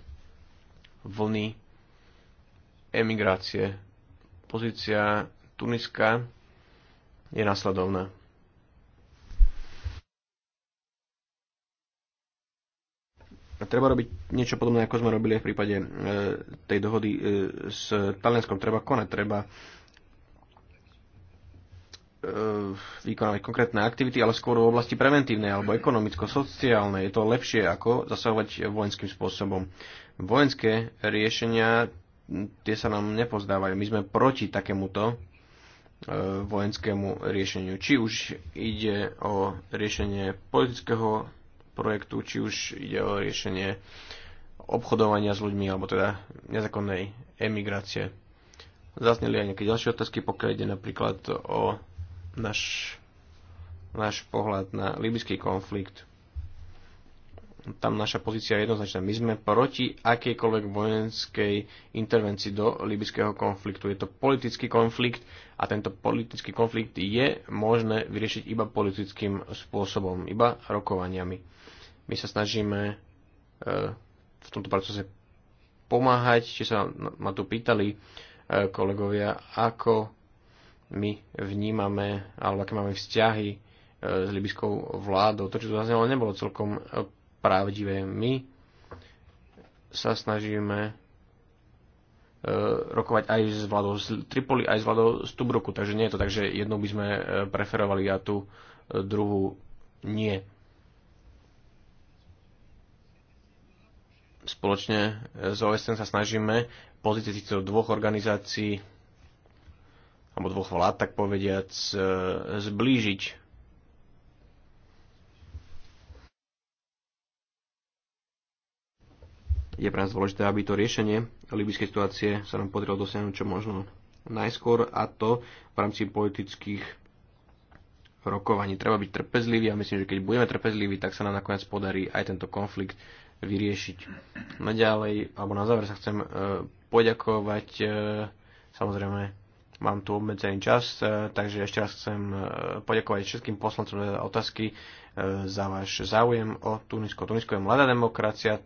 vlny emigrácie. Pozícia Tuniska je nasledovná. Treba robiť niečo podobné, ako sme robili aj v prípade e, tej dohody e, s Talianskom. Treba konať, treba e, vykonávať konkrétne aktivity, ale skôr v oblasti preventívnej alebo ekonomicko-sociálnej. Je to lepšie, ako zasahovať vojenským spôsobom. Vojenské riešenia, tie sa nám nepozdávajú. My sme proti takémuto e, vojenskému riešeniu. Či už ide o riešenie politického projektu, či už ide o riešenie obchodovania s ľuďmi, alebo teda nezákonnej emigrácie. Zazneli aj nejaké ďalšie otázky, pokiaľ ide napríklad o náš, náš pohľad na libyský konflikt. Tam naša pozícia je jednoznačná. My sme proti akejkoľvek vojenskej intervencii do libyského konfliktu. Je to politický konflikt a tento politický konflikt je možné vyriešiť iba politickým spôsobom, iba rokovaniami. My sa snažíme e, v tomto procese pomáhať, či sa ma tu pýtali e, kolegovia, ako my vnímame, alebo aké máme vzťahy e, s libyskou vládou. To, čo tu zaznelo, nebolo celkom pravdivé. My sa snažíme Eh, rokovať aj s vládou z Tripoli, aj s vládou z Tubruku. Takže nie je to tak, že jednu by sme eh, preferovali a tú eh, druhú nie. Spoločne s OSN sa snažíme pozície týchto dvoch organizácií alebo dvoch vlád, tak povediac, zblížiť je pre nás dôležité, aby to riešenie libyskej situácie sa nám podarilo dosiahnuť čo možno najskôr a to v rámci politických rokovaní. Treba byť trpezlivý a myslím, že keď budeme trpezliví, tak sa nám nakoniec podarí aj tento konflikt vyriešiť. Naďalej, no alebo na záver sa chcem e, poďakovať. E, samozrejme, mám tu obmedzený čas, e, takže ešte raz chcem poďakovať všetkým poslancom za otázky, za váš záujem o Tunisko. Tunisko je mladá demokracia,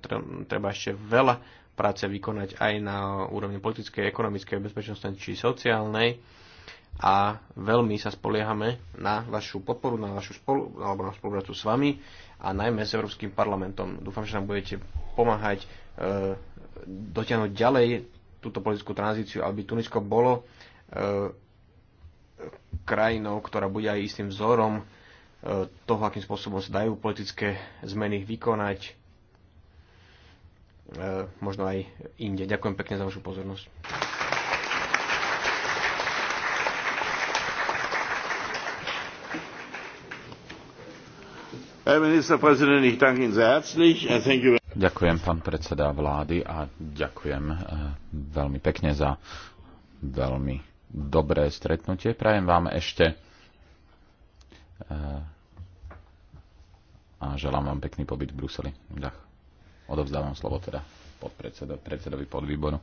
treba ešte veľa práce vykonať aj na úrovni politickej, ekonomickej, bezpečnostnej či sociálnej a veľmi sa spoliehame na vašu podporu, na vašu spolu, alebo na spoluprácu s vami a najmä s Európskym parlamentom. Dúfam, že nám budete pomáhať e, dotiahnuť ďalej túto politickú tranzíciu, aby Tunisko bolo e, krajinou, ktorá bude aj istým vzorom e, toho, akým spôsobom sa dajú politické zmeny vykonať E, možno aj inde. Ďakujem pekne za vašu pozornosť. Äh, ďakujem, pán predseda vlády, a ďakujem e, veľmi pekne za veľmi dobré stretnutie. Prajem vám ešte e, a želám vám pekný pobyt v Bruseli. Ďakujem. Odovzdávam slovo teda podpredsedovi, predsedovi podvýboru.